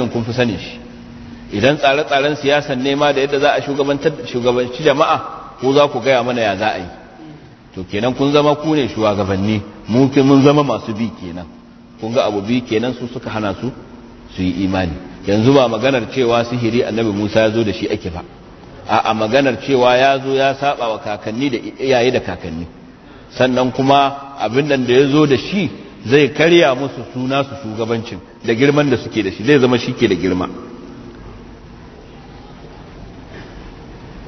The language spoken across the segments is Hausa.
ɗin kun fi sani shi idan tsare-tsaren siyasan nema da yadda za a shugabanci jama'a ko za ku gaya mana ya za a yi to kenan kun zama ku ne shugabanni mukin mun zama masu bi kenan kun ga abu bi kenan su suka hana su su yi imani yanzu ba maganar cewa sihiri annabi Musa ya zo da shi ake ba a maganar cewa ya zo ya saba wa kakanni da iyaye da kakanni sannan kuma abin nan da ya zo da shi zai karya musu suna su shugabancin da girman da suke da shi zai zama shi ke da girma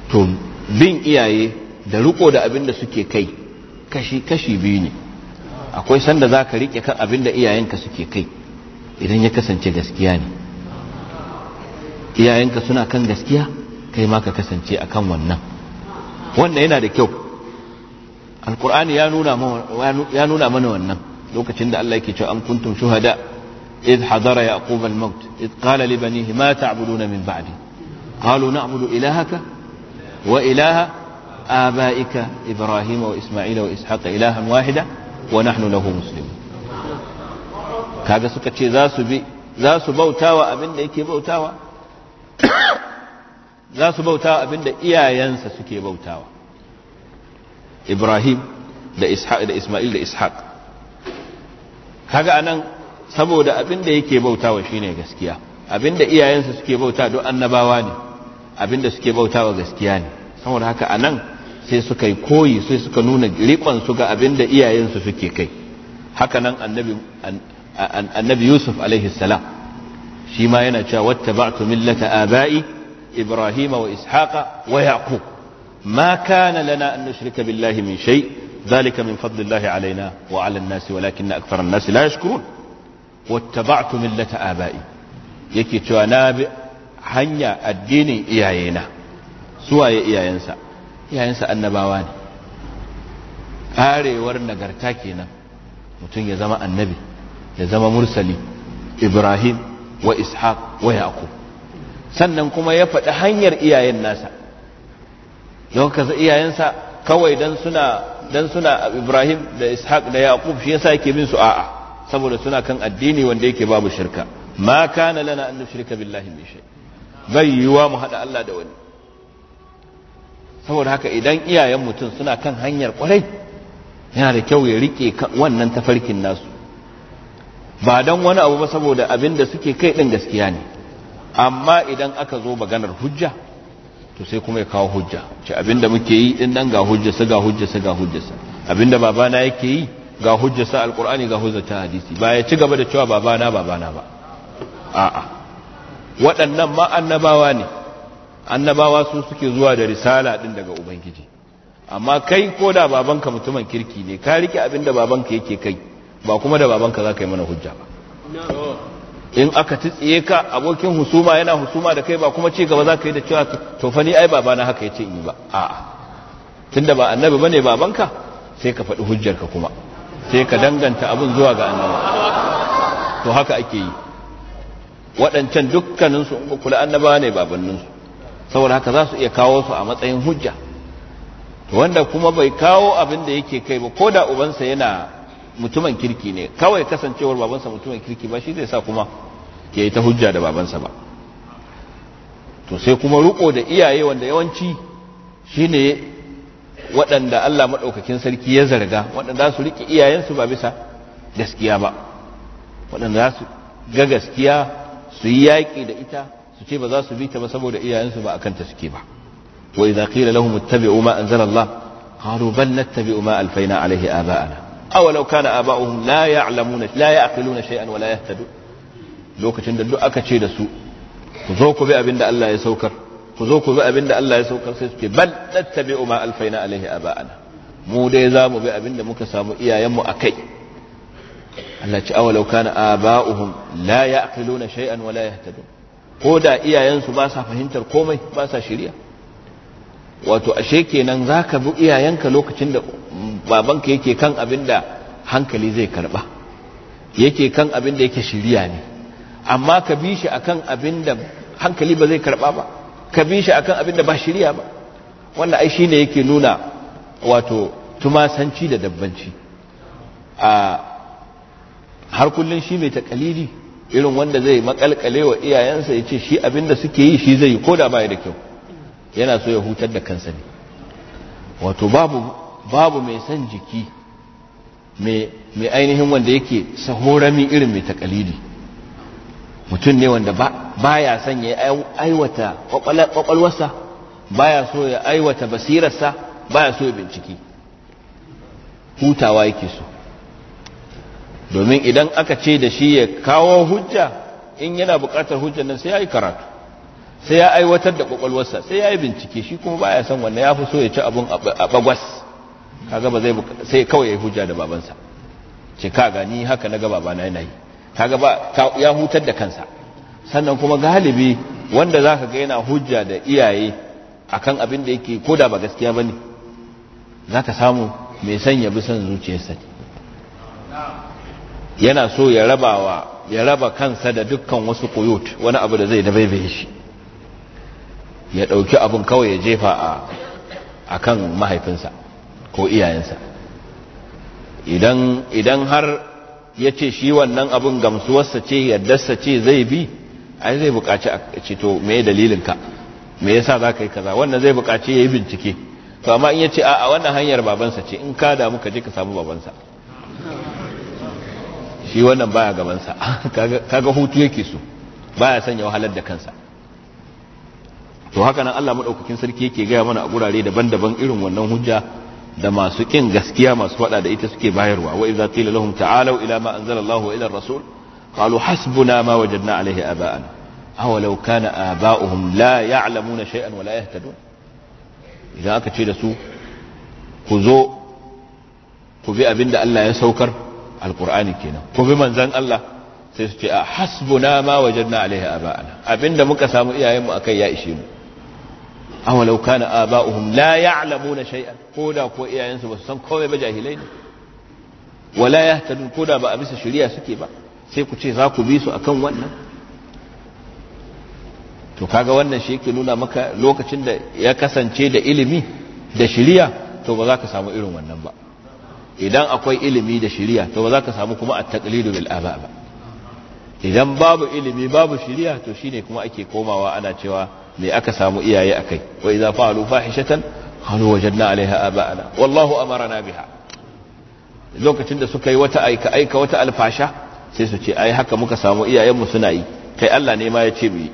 to bin iyaye da riko da abin da suke kai kashi kashi biyu ne akwai sanda za ka riƙe kan abin da iyayenka suke kai idan ya kasance gaskiya ne iyayenka suna kan gaskiya kai ma ka kasance a kan wannan wannan yana da kyau alkur'ani ya nuna mana wannan lokacin da Allah yake cewa an kuntum shuhada idh hadara yaqub al-maut idh qala li banihi ma ta'buduna min ba'di qalu na'budu ilahaka wa ilaha abaika ibrahim wa isma'ila wa ishaqa ilahan wahida wa nahnu lahu muslimun kaga suka ce za su bi za su bautawa abinda yake bautawa za su bautawa abinda iyayensa suke bautawa ibrahim da ishaq da isma'il da ishaq kaga anan saboda abin da yake bautawa shine gaskiya abin da iyayensa suke bauta don annabawa ne abin da suke bauta wa gaskiya ne saboda haka anan sai suka yi koyi sai suka nuna riƙon su ga abin da iyayensu suke kai haka nan annabi Yusuf alaihi salam shi ma yana cewa wattaba'tu millata aba'i ibrahima wa ishaqa wa yaqub ma kana lana an nushrika billahi min shay' ذلك من فضل الله علينا وعلى الناس ولكن أكثر الناس لا يشكرون واتبعت ملة آبائي yake cewa na bi hanya addinin iyayena suwaye iyayensa iyayensa annabawa ne karewar nagarta kenan mutum ya zama annabi ya zama mursali ibrahim wa ishaq wa yaqub sannan kuma ya faɗi hanyar iyayen nasa don kaza iyayensa kawai dan suna dan suna Ibrahim da Ishaq da Yaqub shi yasa yake bin su a'a saboda suna kan addini wanda yake babu shirka ma kana lana an nushrika billahi min shay bai yiwa mu hada Allah da wani saboda haka idan iyayen mutum suna kan hanyar kwarai yana da kyau ya rike wannan tafarkin nasu ba dan wani abu ba saboda abin da suke kai din gaskiya ne amma idan aka zo maganar hujja to sai kuma ya kawo hujja ce abinda muke yi din nan ga hujjarsa ga hujjarsa ga hujjarsa abinda babana yake yi ga hujjarsa alkur'ani ga hujjarsa hadisi ba ya ci gaba da cewa babana babana ba a'a waɗannan ma annabawa ne annabawa su suke zuwa da risala din daga ubangiji amma kai ko da babanka mutumin kirki ne ka rike abinda babanka yake kai ba kuma da babanka za ka yi mana hujja ba in aka titsiye ka abokin husuma yana husuma da kai ba kuma ci gaba za ka yi da cewa to fa ni ai baba na haka yace in yi ba a'a tunda ba annabi bane babanka sai ka faɗi hujjarka kuma sai ka danganta abin zuwa ga annabi to haka ake yi waɗancan dukkaninsu in kula annaba ne babanninsu saboda haka za su iya kawo su a matsayin hujja wanda kuma bai kawo abin da yake kai ba ko da ubansa yana mutumin kirki ne kawai kasancewar babansa mutumin kirki ba shi zai sa kuma ke ta hujja da babansa ba to sai kuma ruko da iyaye wanda yawanci shine waɗanda Allah maɗaukakin sarki ya zarga waɗanda su riƙe iyayensu ba bisa gaskiya ba waɗanda za su ga gaskiya su yi yaƙi da ita su ce ba za su bi ta ba saboda iyayensu ba akan ta suke ba wa idza qila lahum ittabi'u ma anzala Allah qalu bal nattabi'u ma alfaina alaihi aba'ana awalau kana aba'uhum la ya'lamuna la ya'qiluna shay'an wa la yahtadun lokacin da duk aka ce da su ku zo ku bi abinda Allah ya saukar ku zo ku bi abinda Allah ya saukar sai su ce bal tattabi'u ma alfaina alaihi aba'ana mu dai za mu bi abinda muka samu iyayenmu a kai. Allah ce awalau kana aba'uhum la ya'qiluna shay'an wa la yahtadun ko da iyayensu ba sa fahimtar komai ba sa shiriya wato ashe kenan za ka bi iyayenka lokacin da babanka yake kan abin da hankali zai karba yake kan abin da yake shirya ne amma ka bi shi a kan abin da hankali ba zai karba ba ka bi shi a kan abin da ba shirya ba wannan ai shi ne yake nuna wato tumasanci da dabbanci a har kullum shi mai takalidi irin wanda zai makalkale wa iyayensa ya ce shi abin da suke yi shi zai yi ko da baya da kyau yana so ya hutar da kansa ne wato babu babu mai san jiki mai ainihin wanda yake sahorami irin mai takalili mutum ne wanda ba ya son ya aiwata kwakwalwarsa ba ya so ya aiwata basirarsa ba ya so ya binciki hutawa yake so domin idan aka ce da shi ya kawo hujja in yana bukatar hujjar nan sai ya yi karatu sai ya aiwatar da kwakwalwarsa sai ya yi bincike shi kuma baya son wannan ya fi so ya ci abun a bagwas kaga ba zai sai kawai ya yi hujja da babansa ce kaga ni haka na ga babana yana yi kaga ba ya hutar da kansa sannan kuma galibi wanda zaka ga yana hujja da iyaye a kan abin da yake ko da ba gaskiya ba za ka samu mai son ya bi son zuciyarsa yana so ya raba kansa da dukkan wasu koyot wani abu da zai da shi ya ɗauki abin kawai ya jefa a kan mahaifinsa ko iyayensa idan har ya ce shi wannan abin gamsuwarsa ce yaddarsa ce zai bi ai zai buƙaci a ceto mai dalilinka me yasa za ka yi kaza wannan zai buƙaci ya yi bincike to amma in ya ce a wannan hanyar babansa ce in ka damu ka je ka samu babansa shi wannan baya gabansa kaga hutu yake so baya sanya wahalar da kansa to haka nan Allah madaukakin sarki yake gaya mana a gurare daban-daban irin wannan hujja da masu kin gaskiya masu fada da ita suke bayarwa wa idza qila lahum ta'alu ila ma anzala Allah wa ila rasul qalu hasbuna ma wajadna alayhi aba'ana aw law kana aba'uhum la ya'lamuna shay'an wa la yahtadun idan aka ce da su ku zo ku bi abinda Allah ya saukar alqur'ani kenan ku bi manzon Allah sai su ce a hasbuna ma wajadna alaihi aba'ana abinda muka samu iyayenmu akai ya ishe mu aw law kana aba'uhum la ya'lamuna shay'an koda ko iyayensu ba su san komai ba jahilai ne wala ko koda ba a bisa shari'a suke ba sai ku ce za ku bi su akan wannan to kaga wannan shi yake nuna maka lokacin da ya kasance da ilimi da shari'a to ba za ka samu irin wannan ba idan akwai ilimi da shari'a to ba za ka samu kuma at-taqlidu bil aba ba idan babu ilimi babu shari'a to shine kuma ake komawa ana cewa ne aka samu iyaye akai wa idza fa'alu fahishatan qalu wajadna 'alayha aba'ana wallahu amarna biha lokacin da suka yi wata aika aika wata alfasha sai su ce ai haka muka samu iyayenmu suna yi kai Allah ne ma ya ce mu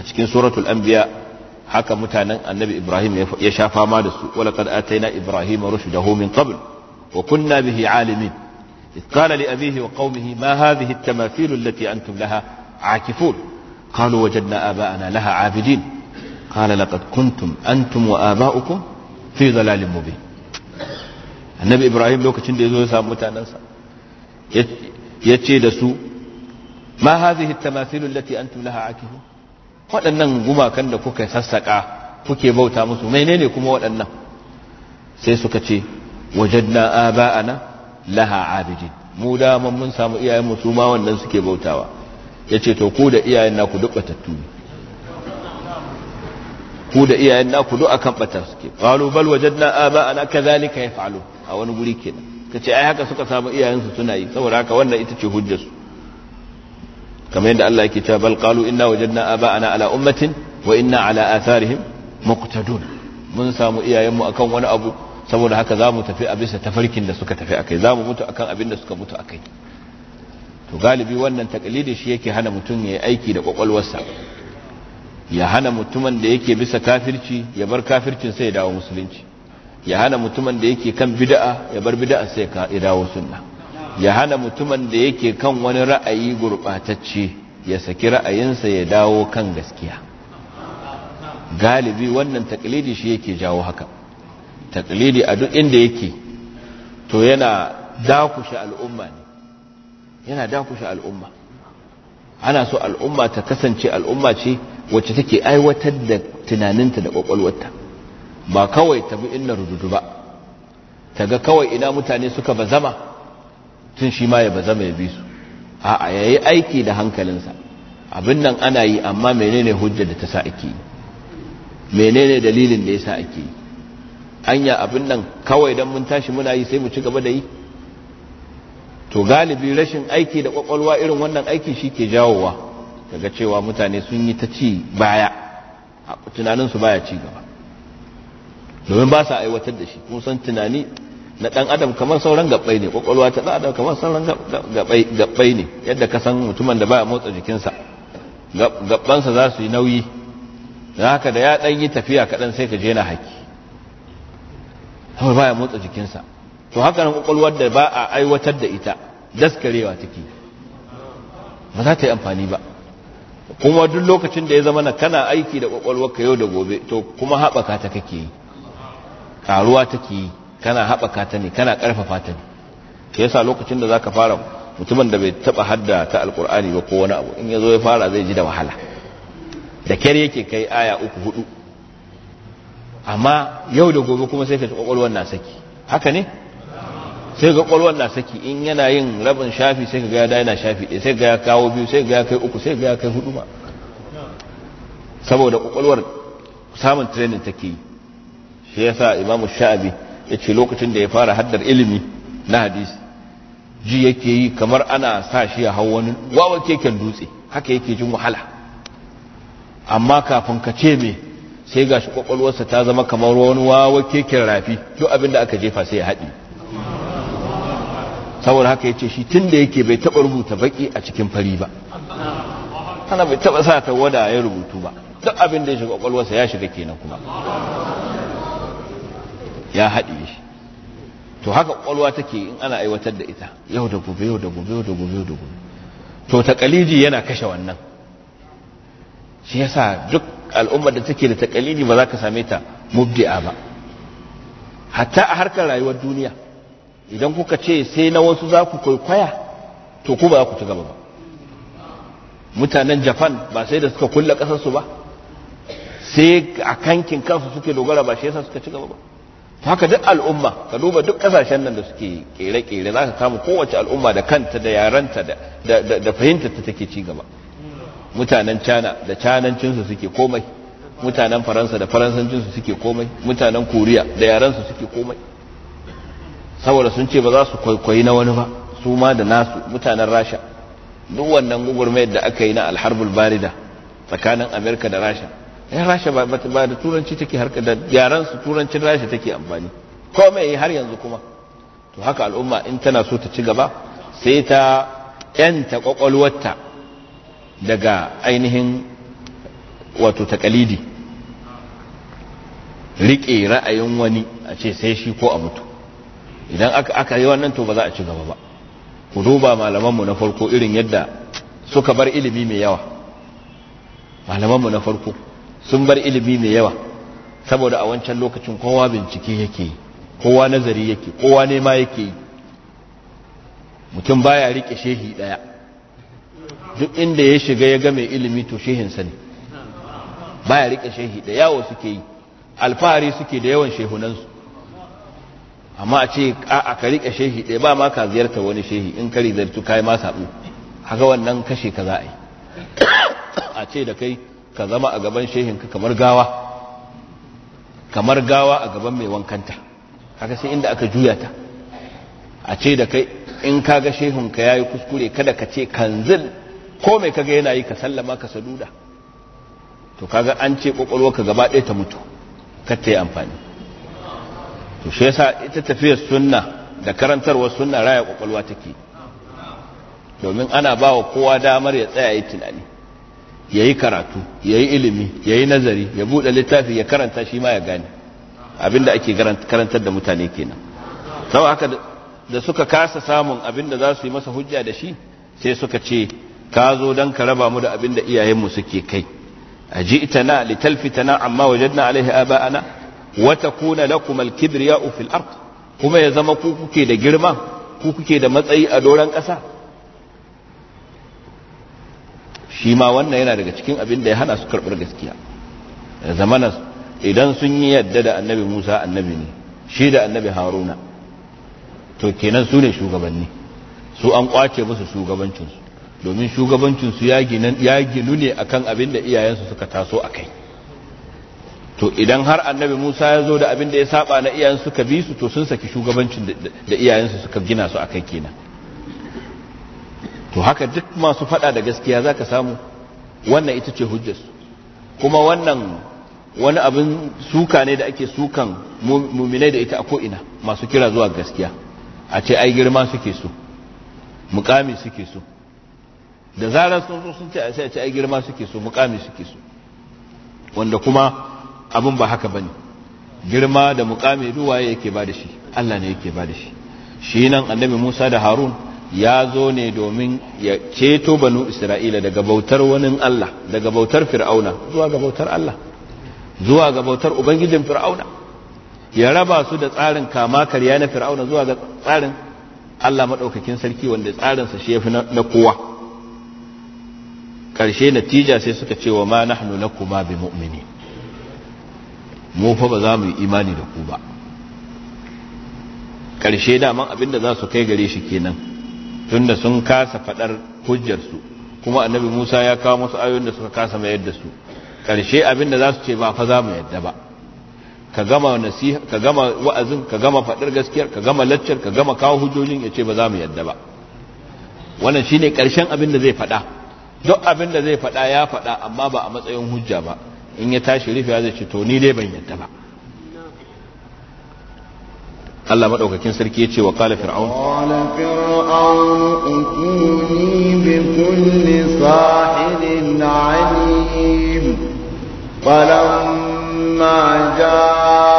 a cikin suratul anbiya haka mutanen annabi ibrahim ya sha fama da su wala qad ataina ibrahima rushdahu min qabl wa kunna bihi alimin إذ قال لأبيه وقومه ما هذه التماثيل التي أنتم لها عاكفون قالوا وجدنا آباءنا لها عابدين قال لقد كنتم أنتم وآباؤكم في ضلال مبين النبي إبراهيم لو كتن دي سامو تانسا يتشي دسو ما هذه التماثيل التي أنتم لها عاكفون waɗannan gumakan da kuka sassaƙa kuke bauta musu menene kuma waɗannan sai suka ce wajadna aba'ana laha abidin mu da mun samu iyayen mu suma wannan suke bautawa ya ce to ku da iyayen naku duk batattu ne ku da iyayen naku duk akan batar suke qalu bal wajadna aba'ana kadhalika falo a wani guri kenan ce ai haka suka samu iyayensu suna yi saboda haka wannan ita ce hujjarsu kamar yadda Allah yake cewa bal qalu inna wajadna aba'ana ala ummatin wa inna ala atharihim muqtadun mun samu iyayenmu akan wani abu saboda haka zamu tafi a bisa tafarkin da suka tafi akai zamu mutu akan abin da suka mutu akai to galibi wannan takalidi shi yake hana mutum ya aiki da kwakwalwarsa ya hana mutumin da yake bisa kafirci ya bar kafircin sai ya dawo musulunci ya hana mutumin da yake kan bid'a ya bar bid'a sai ya dawo sunna ya hana mutumin da yake kan wani ra'ayi gurbatacce ya saki ra'ayinsa ya dawo kan gaskiya galibi wannan taklidi shi yake jawo haka taklidi a duk inda yake to yana dakushe al'umma ne yana dakushe al'umma ana so al'umma ta kasance al'umma ce wacce take aiwatar da tunaninta da kwakwalwarta ba kawai ta bi inna rududu ba ta ga kawai ina mutane suka bazama tun shi ma ya bazama ya bi su a'a yayi aiki da hankalinsa abin nan ana yi amma menene hujjar da ta sa ake yi menene dalilin da ya sa ake yi anya abin nan kawai don mun tashi muna yi sai mu ci gaba da yi to galibi rashin aiki da kwakwalwa irin wannan aiki shi ke jawowa daga cewa mutane sun yi ta ci baya tunaninsu baya ci gaba domin ba sa aiwatar da shi kun san tunani na dan adam kamar sauran gabbai ne kwakwalwa ta dan adam kamar sauran gabbai ne yadda ka san mutumin da baya motsa jikinsa gabbansa za su yi nauyi da haka da ya dan yi tafiya kaɗan sai ka je na haki kamar baya motsa jikinsa to haka nan kwakwalwar da ba a aiwatar da ita daskarewa take ba za ta yi amfani ba kuma duk lokacin da ya zama na kana aiki da ka yau da gobe to kuma haɓaka ta kake yi ƙaruwa take yi kana haɓaka ta ne kana ƙarfafa ta ne ke yasa lokacin da za ka fara mutumin da bai taɓa hadda ta alƙur'ani ba ko wani abu in ya zo ya fara zai ji da wahala da kyar yake kai aya uku hudu amma yau da gobe kuma sai ka ci kwakwalwar na saki haka ne sai ga kwalwan na saki in yana yin rabin shafi sai ga ya yana shafi ɗaya sai ga ya kawo biyu sai ga ya kai uku sai ga ya kai hudu ma saboda kwakwalwar samun training take yi shi sa imamu sha'abi ya ce lokacin da ya fara haddar ilimi na hadisi ji yake yi kamar ana sa shi ya hau wani wawan keken dutse haka yake jin wahala amma kafin ka ce me sai gashi kwakwalwarsa ta zama kamar wani wawan keken rafi duk abinda aka jefa sai ya haɗi saboda haka ya ce shi tun da yake bai taɓa rubuta baki a cikin fari ba ana bai taɓa sa ta wada ya rubutu ba duk abin da ya shiga ƙwaƙwalwarsa ya shiga kenan kuma ya haɗe shi to haka ƙwaƙwalwa take in ana aiwatar da ita yau da gobe yau da gobe yau da gobe yau da gobe to taƙalidi yana kashe wannan shi yasa duk al'ummar da take da taƙalidi ba za ka same ta mubdi'a ba hatta a harkar rayuwar duniya idan kuka ce sai na wasu za ku kwaikwaya to ku ba za ku ci gaba ba mutanen japan ba sai da suka kulle kasarsu ba sai a kankin kansu suke dogara ba shi yasa suka ci gaba ba haka duk al'umma ka duba duk kasashen nan da suke kere-kere za ka kama kowace al'umma da kanta da yaranta da fahimta ta take ci gaba mutanen cana da canancinsu suke komai mutanen faransa da faransancinsu suke komai mutanen koriya da yaransu suke komai saboda sun ce ba za su kwaikwayi na wani ba su ma da nasu mutanen rasha duk wannan gugurmayar da aka yi na alharbul barida tsakanin amerika da rasha ya eh, rasha ba da turanci take harka da yaran su turancin rasha take amfani ko mai har yanzu kuma to haka al'umma in tana so ta ci gaba sai ta yanta kwakwalwarta daga ainihin wato takalidi riƙe ra'ayin wani a ce sai shi ko a mutu idan aka aka yi wannan to ba za a ci gaba ba ku duba malamanmu na farko irin yadda suka bar ilimi mai yawa malamanmu na farko sun bar ilimi mai yawa saboda a wancan lokacin kowa bincike yake kowa nazari yake kowa nema yake mutum baya rike shehi daya duk inda ya shiga ya ga mai ilimi to shehin sa ne baya rike shehi da yawo suke yi alfahari suke da yawan shehunansu amma a ce a ka riƙe shehi ɗaya ba ma ka ziyarta wani shehi in kari zartu ka yi ma saɓo haka wannan kashe ka za a yi a ce da kai ka zama a gaban shehin ka kamar gawa kamar gawa a gaban mai wankanta haka sai inda aka juya ta a ce da kai in ka ga shehinka ya yi kuskure kada ka ce kanzil ko mai kaga yana yi ka sallama ka saduda to kaga an ce ka gaba ɗaya ta mutu kar ta yi amfani to shi yasa ita tafiyar sunna da karantarwar sunna raya kwakwalwa take domin ana ba wa kowa damar ya tsaya yi tunani ya yi karatu ya yi ilimi ya yi nazari ya buɗe littafi ya karanta shi ma ya gane abinda ake karantar da mutane kenan sau haka da suka kasa samun abinda za su yi masa hujja da shi sai suka ce ka zo don ka raba mu da abinda iyayenmu suke kai a ji ita na ta na amma wajen na alaihi aba'ana wa takuna lakum al-kibriya'u fil ard kuma ya zama ku kuke da girma ku kuke da matsayi a doran kasa. shi ma wannan yana daga cikin abin da ya hana su karɓar gaskiya zamana idan sun yi yadda da annabi Musa annabi ne shi da annabi Haruna to kenan su ne shugabanni su an kwace musu shugabancinsu domin shugabancinsu ya ginu ne akan abin da iyayensu suka taso a kai to idan har annabi Musa ya zo da abin da ya saba na iyayensu suka bi su to sun saki shugabancin da iyayensu suka gina su akai kenan to haka duk masu fada da gaskiya zaka samu wannan ita ce hujjarsu kuma wannan wani abin suka ne da ake sukan muminai da ita a ko'ina masu kira zuwa gaskiya a ce ai girma suke so mukami suke so da zarar sun zo sun ce a ce ai girma suke so mukami suke so wanda kuma abin ba haka bane girma da mukami duwaye yake ba da shi Allah ne yake ba da shi shi nan annabi Musa da Harun ya zo ne domin ya ceto banu Isra'ila daga bautar wani Allah daga bautar Fir'auna zuwa ga bautar Allah zuwa ga bautar ubangijin Fir'auna ya raba su da tsarin kama karya na Fir'auna zuwa ga tsarin Allah madaukakin sarki wanda tsarinsa shi yafi na kowa karshe natija sai suka ce wa ma nahnu lakuma bi mu'minin mu fa ba za mu yi imani da ku ba ƙarshe daman abinda za su kai gare shi kenan tunda sun kasa faɗar hujjarsu kuma annabi musa ya kawo masu ayoyin da suka kasa mayar da su ƙarshe abinda za su ce ba fa za mu yadda ba ka gama nasiha ka gama wa'azin ka gama faɗar gaskiyar ka gama laccar ka gama kawo hujjojin ya ce ba za mu yadda ba wannan shine karshen abin zai faɗa duk abinda zai faɗa ya faɗa amma ba a matsayin hujja ba in ya tashi rufewa zai ce to ni dai ban yadda ba Allah madaukakin sarki ya ce wa qala fir'aun qala fir'aun utuni bi kulli sahirin alim falamma jaa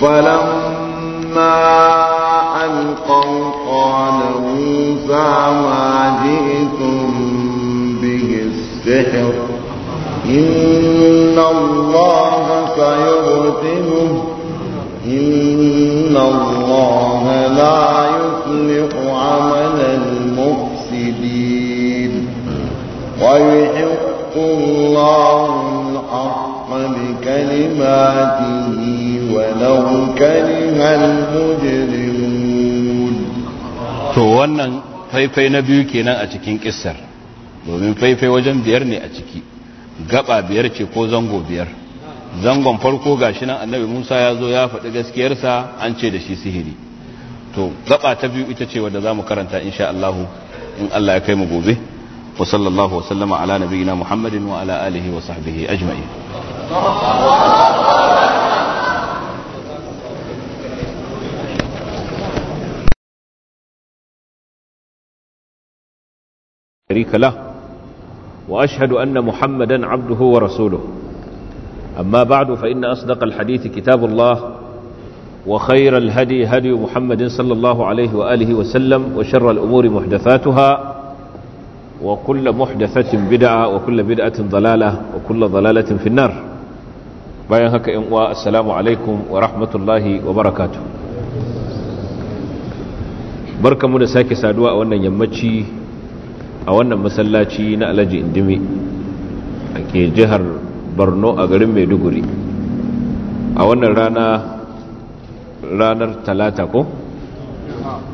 فلما ألقوا قال موسى ما جئتم به السحر إن الله سيغتمه إن الله لا يصلح عمل المفسدين ويحق الله الحق بكلماته to wannan faifai na biyu kenan a cikin kissar domin faifai wajen biyar ne a ciki gaba biyar ce ko zango biyar zangon farko gashi nan annabi Musa ya zo ya faɗi gaskiyarsa an ce da shi sihiri to gaba ta biyu ita ce wadda zamu karanta insha Allah in Allah ya kai mu gobe wa sallallahu wa sallama ala nabiyina Muhammadin wa ala alihi wa sahbihi ajma'i. شريك له وأشهد أن محمدا عبده ورسوله أما بعد فإن أصدق الحديث كتاب الله وخير الهدي هدي محمد صلى الله عليه وآله وسلم وشر الأمور محدثاتها وكل محدثة بدعة وكل بدعة ضلالة وكل ضلالة في النار بيان هكا السلام عليكم ورحمة الله وبركاته بركة من ساكي سادواء وأن يمتشي a wannan masallaci na alhaji indimi a ke jihar borno a garin maiduguri a wannan rana ranar talata ko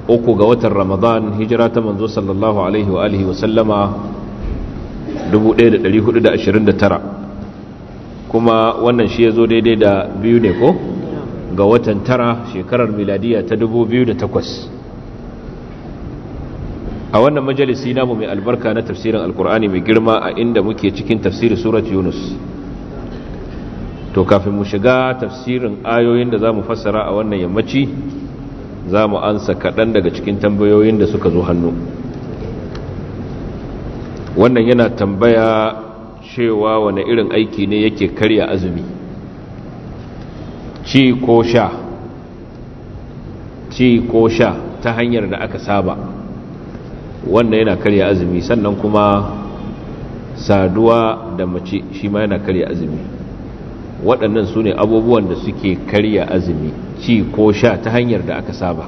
uku ga watan ramadan hijira ta manzo sallallahu alaihi wa alihi wasallama 1429 kuma wannan shi ya zo daidai da biyu ne ko ga watan tara shekarar miladiya ta 2008 a wannan majalisi namu mai albarka na tafsirin alkur'ani mai girma a inda muke cikin tafsirin surat yunus to kafin mu shiga tafsirin ayoyin da za mu fassara a wannan yammaci za mu ansa kaɗan daga cikin tambayoyin da suka zo hannu wannan yana tambaya cewa wane irin aiki ne yake karya azumi ci ko ci ko sha ta hanyar da aka saba wannan yana karya azumi sannan kuma saduwa da mace shi ma yana karya azumi waɗannan su ne abubuwan da suke karya azumi ci ko sha ta hanyar da aka saba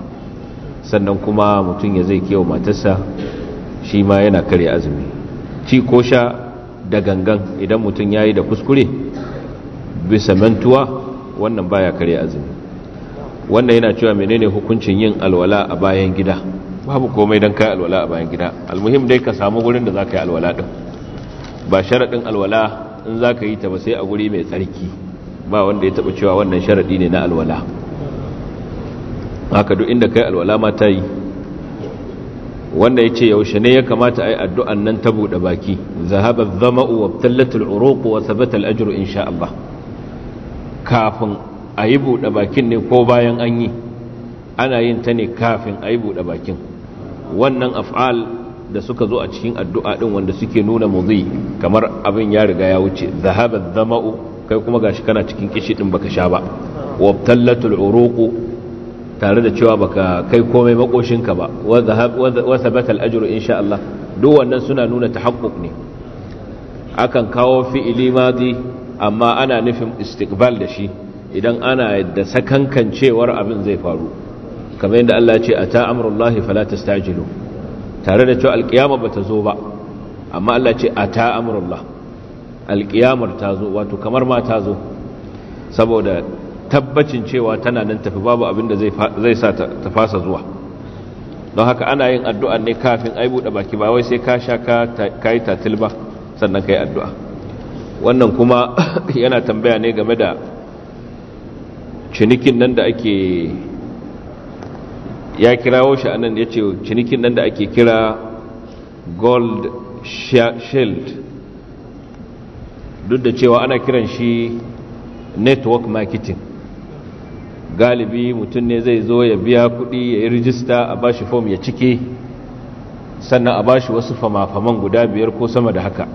sannan kuma mutum ya zai kewa matarsa shi ma yana karya azumi ci ko sha da gangan idan mutum ya yi da kuskure bisa mantuwa wannan baya karya azumi wannan yana cewa menene hukuncin yin alwala a bayan gida babu komai don kai alwala a bayan gida almuhim dai ka samu wurin da za ka yi alwala ɗin ba sharaɗin alwala in za ka yi ta ba sai a guri mai tsarki ba wanda ya taɓa cewa wannan sharaɗi ne na alwala haka duk inda kai alwala ma ta yi wanda ya ce yaushe ne ya kamata a yi addu'an nan ta buɗe baki zahaba zama uwa tallatul wa sabatal ajiru in sha Allah kafin a yi buɗe bakin ne ko bayan an yi ana yin ta ne kafin a yi buɗe bakin wannan af'al da suka zo a cikin addu'a din wanda suke nuna mudhi kamar abin ya riga ya wuce zahaba dhama'u kai kuma gashi kana cikin kishi din baka sha ba wabtallatul uruqu tare da cewa baka kai komai ka ba wa zahab wa sabata al ajru insha Allah duk wannan suna nuna tahaqquq ne akan kawo fi'ili madi amma ana nufin istiqbal da shi idan ana da sakankance cewar abin zai faru kamar yadda Allah ce ata amrullahi ta tastajilu tare da cewa ba bata zo ba amma Allah ce ata amrullah alkiyamar ta zo wato kamar ma ta zo saboda tabbacin cewa tana nan tafi babu abin da zai sa ta fasa zuwa don haka ana yin addu'a ne kafin ai buɗe baki ba wai sai ka sha ka yi tatil ba sannan kai yi addu'a wannan kuma yana tambaya ne game da cinikin nan da ake ya kirawo shi anan ya ce cinikin nan da ake kira gold shield duk da cewa ana kiran shi network marketing galibi mutum ne zai zo ya biya kuɗi ya yi rijista a bashi fom ya cike sannan a bashi wasu fama-faman guda biyar ko sama da haka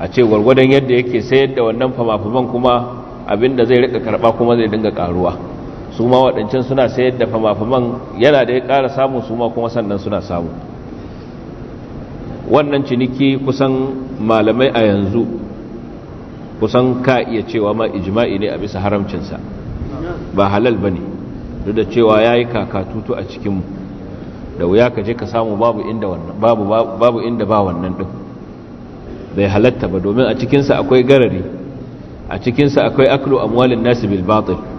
a ce gwargwadon yadda yake sayar da wannan famafaman faman kuma abinda zai rika karba kuma zai dinga karuwa su ma waɗancan suna sayar da fama-faman yana da ya ƙara samun su ma kuma sannan suna samu wannan ciniki kusan malamai a yanzu kusan ka iya cewa ma ijima'i ne a bisa haramcinsa ba halal ba ne duk da cewa ya yi kakatutu a cikinmu da wuya ka je ka samu babu inda ba wannan ɗin bai halatta ba domin a cikinsa akwai garari a cikinsa akwai aklo amwalin nasi bil batil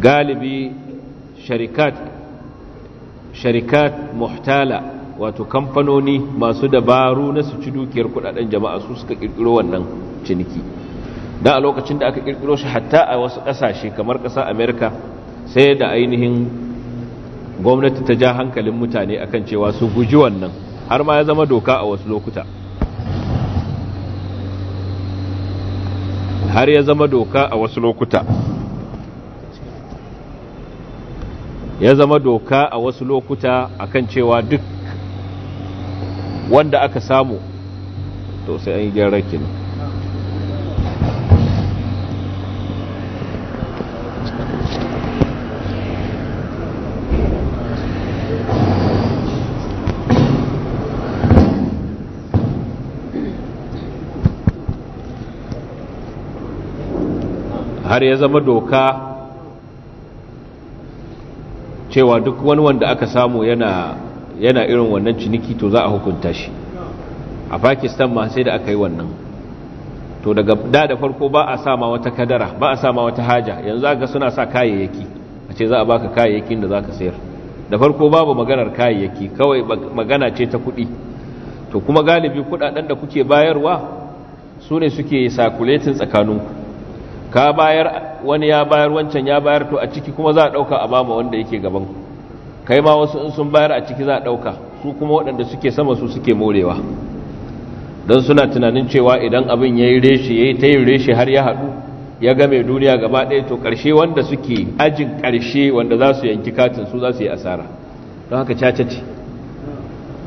galibi sharikat sharikat muhtala wato kamfanoni masu dabaru na su ci dukiyar kudaden jama'a su suka kirkiro wannan ciniki da a lokacin da aka kirkiro shi hatta a wasu kasashe kamar kasa america sai da ainihin gwamnati ta ja hankalin mutane akan cewa su guji wannan har ma ya zama doka a wasu lokuta har ya zama doka a wasu lokuta ya zama doka a wasu lokuta akan cewa duk wanda aka samu to sai an yi gyara kenan har ya zama doka cewa duk wani wanda aka samu yana irin wannan ciniki to za a hukunta shi a pakistan ma sai da aka yi wannan to daga da da farko ba a sama wata kadara ba a sama wata haja yanzu aka suna sa kayayyaki a ce za a baka kayayyakin da za ka sayar da farko babu maganar kayayyaki kawai magana ce ta kuɗi to kuma galibi kuɗaɗen da kuke bayarwa su ne suke sakuletin tsakaninku ka bayar wani ya bayar wancan ya bayar to a ciki kuma za a ɗauka a bama wanda yake gaban kai ma wasu in sun bayar a ciki za a ɗauka su kuma waɗanda suke sama su suke morewa don suna tunanin cewa idan abin ya yi reshe ya yi ta yin reshe har ya haɗu ya game duniya gaba ɗaya to ƙarshe wanda suke ajin ƙarshe wanda za su yanki katin su za su yi asara don haka caca ce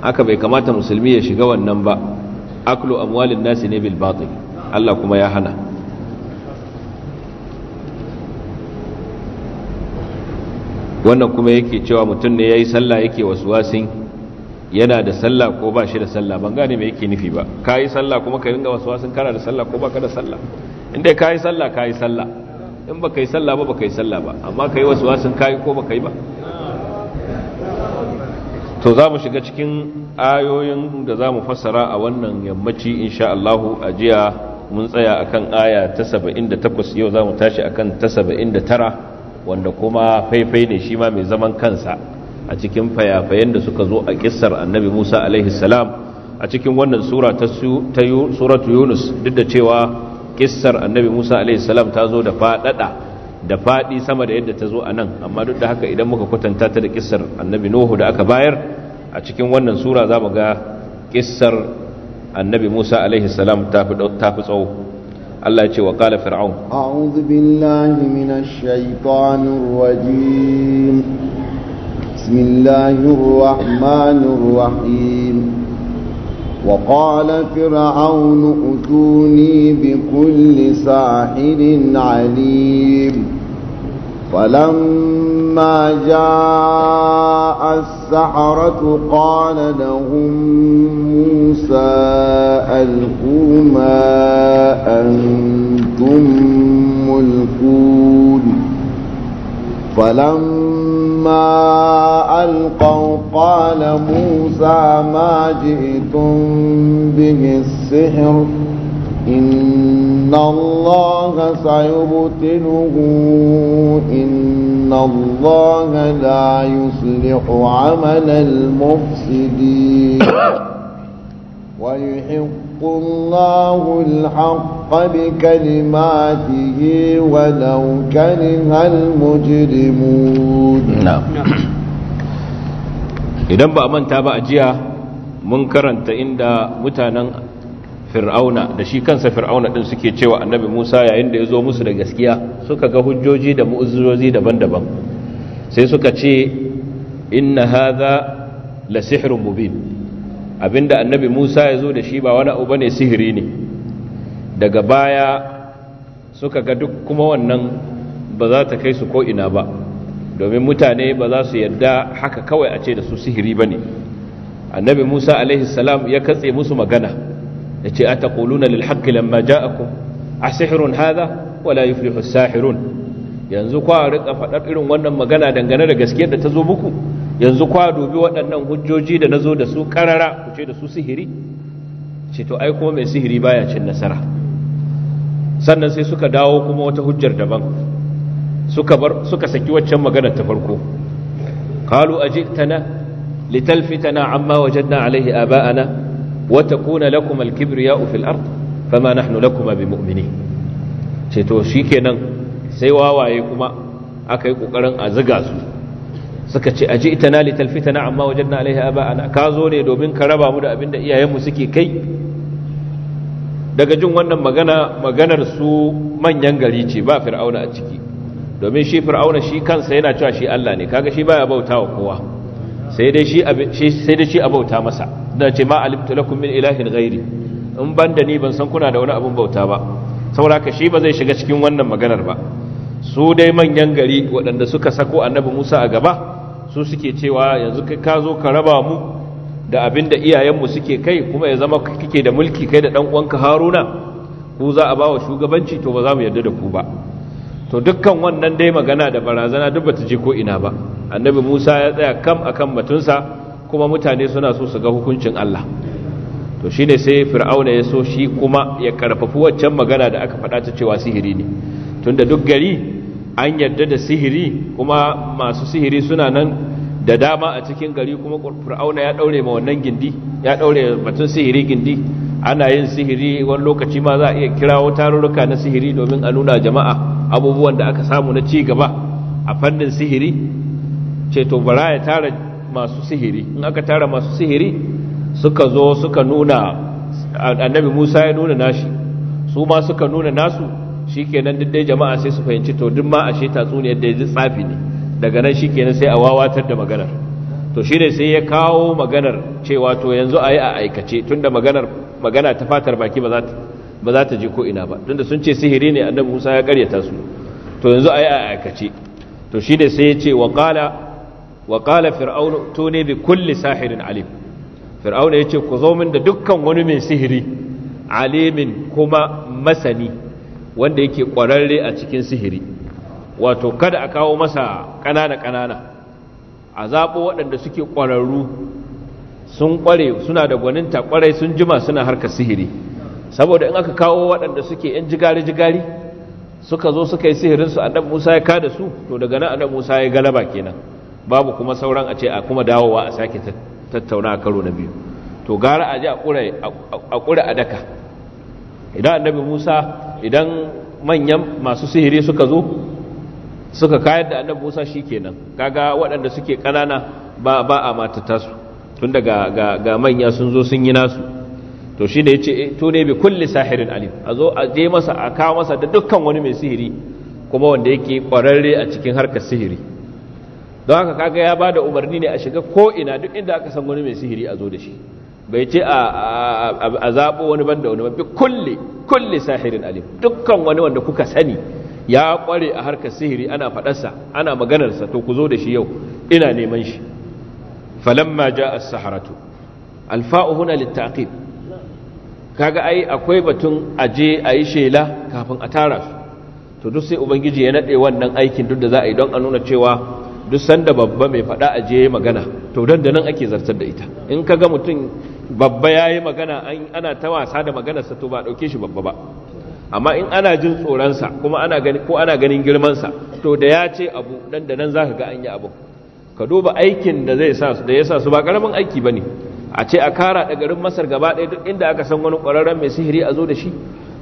haka bai kamata musulmi ya shiga wannan ba aklu amwalin nasi ne bil batil Allah kuma ya hana wannan kuma yake cewa mutum ne ya yi sallah yake wasu wasin yana da sallah ko ba shi da sallah ban gane me yake nufi ba ka yi sallah kuma ka ringa wasu wasin kana da sallah ko ba ka da sallah inda ka yi sallah ka yi sallah in ba ka yi sallah ba ba ka yi sallah ba amma ka yi wasu wasin ka yi ko ba ka yi ba to za mu shiga cikin ayoyin da za mu fassara a wannan yammaci insha Allahu a jiya mun tsaya akan aya ta 78 yau za mu tashi akan ta 79 wanda kuma faifai ne shi ma mai zaman kansa a cikin fayafayen da suka zo a kissar annabi musa alaihi salam a cikin wannan sura ta suratu yunus duk da cewa kissar annabi musa alaihi salam ta zo da faɗaɗa da faɗi sama da yadda ta zo a nan amma duk da haka idan muka kwatanta ta da kissar annabi nuhu da aka bayar a cikin wannan sura za mu ga kissar annabi musa alaihi salam ta fi tsawo الله يقول وقال فرعون أعوذ بالله من الشيطان الرجيم بسم الله الرحمن الرحيم وقال فرعون أتوني بكل ساحر عليم فلما جاء السحرة قال لهم موسى ألقوا ما أنتم ملكون فلما ألقوا قال موسى ما جئتم به السحر إن الله سيبتله إن الله لا يصلح عمل المفسدين ويحق الله الحق بكلماته ولو كره المجرمون نعم, نعم. إذا ba تابع جيا منكرا تإن دا متانا fir'auna da shi kansa fir'auna din suke cewa annabi Musa yayin da ya zo musu da gaskiya suka ga hujjoji da mu'ujizozi daban-daban sai suka ce inna hadha la sihrun mubin abinda annabi Musa ya zo da shi ba wani abu bane sihiri ne daga baya suka ga duk kuma wannan ba za ta kai su ko ina ba domin mutane ba za su yadda haka kawai a ce da su sihiri bane annabi Musa alaihi salam ya katse musu magana yace ataquluna lil haqqi lamma ja'akum asihrun hadha wala yuflihu as-sahirun yanzu kwa rika faɗar irin wannan magana dangane da gaskiyar da ta zo buku? yanzu kwa dubi waɗannan hujjoji da na zo da su ƙarara ku ce da su sihiri ce to ai kuma mai sihiri baya cin nasara sannan sai suka dawo kuma wata hujjar daban suka suka saki waccan magana ta farko qalu ajitana litalfitana amma wajen na alaihi aba'ana wa takuna lakum al-kibriya'u fil ard fama nahnu lakum bimu'minin ce sai wawaye kuma aka yi kokarin a su suka ce aji na li na amma na alaiha aba'ana ka zo ne domin ka raba mu da abin da iyayenmu suke kai daga jin wannan magana maganar su manyan gari ce ba fir'auna a ciki domin shi fir'auna shi kansa yana cewa shi Allah ne kaga shi baya bautawa kowa sai dai shi a bauta masa da ce ma alimtu lakum min ilahin gairi in ban da ni ban san kuna da wani abin bauta ba Saura ka shi ba zai shiga cikin wannan maganar ba su dai manyan gari waɗanda suka sako annabi Musa a gaba su suke cewa yanzu kai ka zo ka raba mu da abin da iyayenmu suke kai kuma ya zama kike da mulki kai da ɗan uwanka Haruna ku za a ba wa shugabanci to ba za mu yarda da ku ba to dukkan wannan dai magana da barazana duk bata je ko ina ba annabi Musa ya tsaya kam akan batunsa kuma mutane suna so su ga hukuncin Allah to shine sai fir'auna ya so shi kuma ya karfafi waccan magana da aka faɗa ta cewa sihiri ne tunda duk gari an yarda da sihiri kuma masu sihiri suna nan da dama a cikin gari kuma fir'auna ya daure ma wannan gindi ya daure batun sihiri gindi ana yin sihiri wani lokaci ma za a iya kirawo tarurruka na sihiri domin a nuna jama'a abubuwan da aka samu na ci gaba a fannin sihiri ce to bara ya tara masu sihiri in aka tara masu sihiri suka zo suka nuna annabi Musa ya nuna nashi su ma suka nuna nasu shikenan duk dai jama'a sai su fahimci to duk ma ashe tatsuniyar da ya tsafi ne daga nan shikenan sai a wawatar da maganar to shi ne sai ya kawo maganar cewa to yanzu a yi a aikace tunda da magana ta fatar baki ba za ta je ko ina ba tunda sun ce sihiri ne annabi musa ya karyata su to yanzu a yi a aikace to shi ne sai ya ce wa kala fir'aunu to ne bi kulli sahirin alim fir'aunu ya ce ku zo min da dukkan wani mai sihiri alimin kuma masani wanda yake kwararre a cikin sihiri wato kada a kawo masa ƙanana-ƙanana a zaɓo waɗanda suke ƙwararru sun ƙware suna da gwaninta ƙwarai sun jima suna harkar sihiri saboda in aka kawo waɗanda suke ‘yan jigari-jigari suka zo suka yi sihirinsu a musa ya kada su to daga nan a ɗan musa ya galaba kenan babu kuma sauran a ce a kuma dawowa a sake tattauna a karo na biyu to gara a ji a ƙure a daka idan annabi musa idan manyan masu sihiri suka zo suka kayar da annabi Musa shi kenan, kaga waɗanda suke ƙanana ba ba a matata su tun daga ga, ga manya sun zo sun yi nasu to shi da yace eh, to ne bi kulli sahirin alim a zo a je masa a kawo masa da dukkan wani mai sihiri kuma wanda yake ƙwararre a cikin harkar sihiri don haka kaga ya bada umarni ne a shiga ko ina duk inda aka san wani mai sihiri a zo da shi bai ce a zabo wani banda wani bi kulle kulle sahirin alim dukkan wani wanda kuka sani ya kware a harkar sihiri ana faɗarsa ana maganarsa to ku zo da shi yau ina neman shi falamma ja as-saharatu alfa'u huna lit-ta'qib kaga ai akwai batun aje ayi shela kafin a tara su to duk sai ubangiji ya nade wannan aikin duk da za a yi don a nuna cewa duk sanda babba mai faɗa aje magana to dan da nan ake zartar da ita in kaga mutum babba yayi magana ana ta wasa da maganarsa to ba dauke shi babba ba amma in ana jin tsoronsa kuma ana gani ko ana ganin girmansa to da ya ce abu dan da nan zaka ga an yi abu ka duba aikin da zai sa su da ya sa su ba karamin aiki ba ne, a ce a kara da garin Masar gaba ɗaya duk inda aka san wani ƙwararren mai sihiri a zo da shi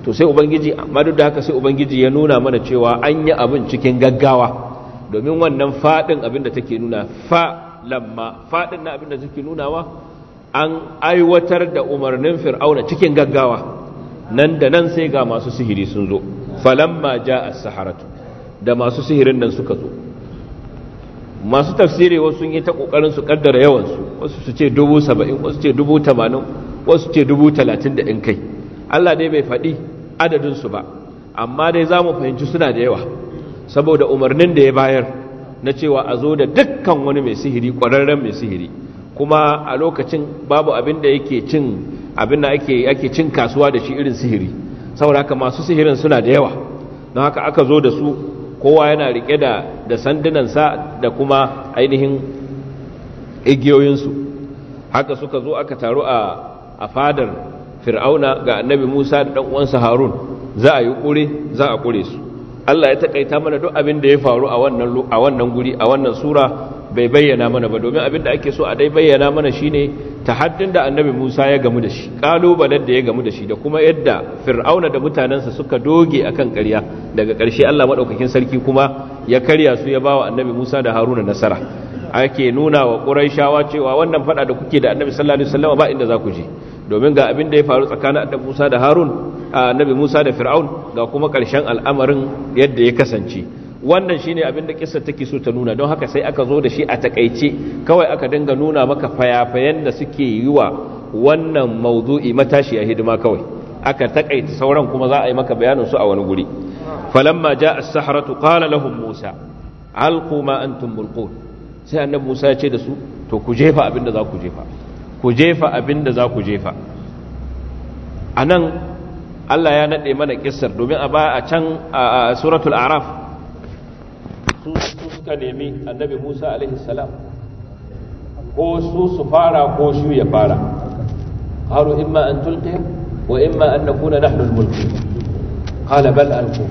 to sai ubangiji amma duk da haka sai ubangiji ya nuna mana cewa an yi abin cikin gaggawa domin wannan faɗin abin da take nuna fa lamma faɗin na abin da take nunawa an aiwatar da umarnin fir'auna cikin gaggawa nan da nan sai ga masu sihiri sun zo falamma a saharatu da masu sihirin nan suka zo masu tafsiri wasu sun yi ta kokarin su kaddara yawan su wasu su ce 70 wasu ce 80 wasu ce 30 da in kai Allah dai bai faɗi adadin su ba amma dai za mu fahimci suna da yawa saboda umarnin da ya bayar na cewa a zo da dukkan wani mai sihiri kwararren mai sihiri kuma a lokacin babu abin da yake cin abin da ake ake cin kasuwa da shi irin sihiri saboda haka masu sihirin suna da yawa don haka aka zo da su kowa yana rike da da sandunansa da kuma ainihin igiyoyinsu haka suka zo aka taru a a fadar fir'auna ga annabi musa da dan uwansa harun za a yi kure za a kure su Allah ya takaita mana duk abin da ya faru a wannan a wannan guri a wannan sura bai bayyana mana ba domin abin da ake so a dai bayyana mana shine tahaddin da annabi Musa ya gamu da shi kalubalen da ya gamu da shi da kuma yadda fir'auna da mutanensa suka doge akan ƙarya daga ƙarshe Allah madaukakin sarki kuma ya karya su ya bawa annabi Musa da Haruna nasara ake nuna wa Qurayshawa cewa wannan fada da kuke da annabi sallallahu alaihi wasallam ba inda za ku je domin ga abin da ya faru tsakanin annabi Musa da Harun annabi Musa da Fir'aun ga kuma ƙarshen al'amarin yadda ya kasance wannan shine da kissa take so ta nuna don haka sai aka zo da shi a takaice kawai aka dinga nuna maka fayafayen da suke yi wa wannan mawdu'i matashi a hidima kawai aka takaita sauran kuma za a yi maka bayanin su a wani guri falamma ja as-sahratu qala lahum musa alqu ma antum mulqun sai annabi musa ya ce da su to ku jefa da za ku jefa ku jefa da za ku jefa anan Allah ya nade mana kissar domin a ba a can a suratul araf su suka nemi annabi musa alaihi salam ko su su fara ko shi ya fara qalu imma an tulqiya wa imma an nakuna nahnu al-mulki qala bal alqu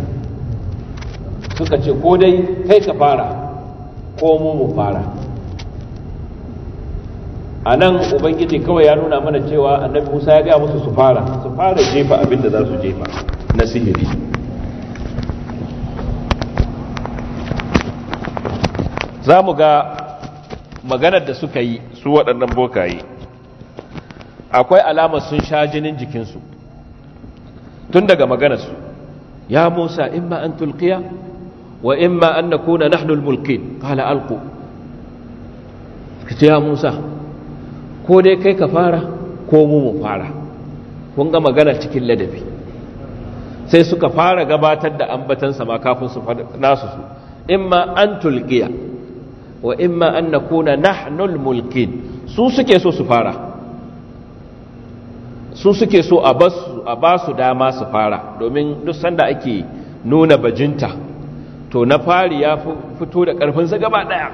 suka ce ko dai kai ka fara ko mu mu fara a nan ubangiji kawai ya nuna mana cewa annabi musa ya gaya musu su fara su fara jefa abin da za su jefa na sihiri za mu ga maganar da suka yi su waɗannan bokaye akwai alamar sun sha jinin jikinsu tun daga maganarsu ya musa in ma an tulkiya wa in ma an na kuna nahnul mulkin kala alku ya musa ko dai kai ka fara ko mu mu fara kun ga maganar cikin ladabi sai suka fara gabatar da ambatansa ma kafin su nasu su In ma an tulkiya wa imma an nakuna nahnul mulkin su suke so su fara su suke so a ba su dama su fara domin duk sanda ake nuna bajinta to na fari ya fito da karfinsa gaba daya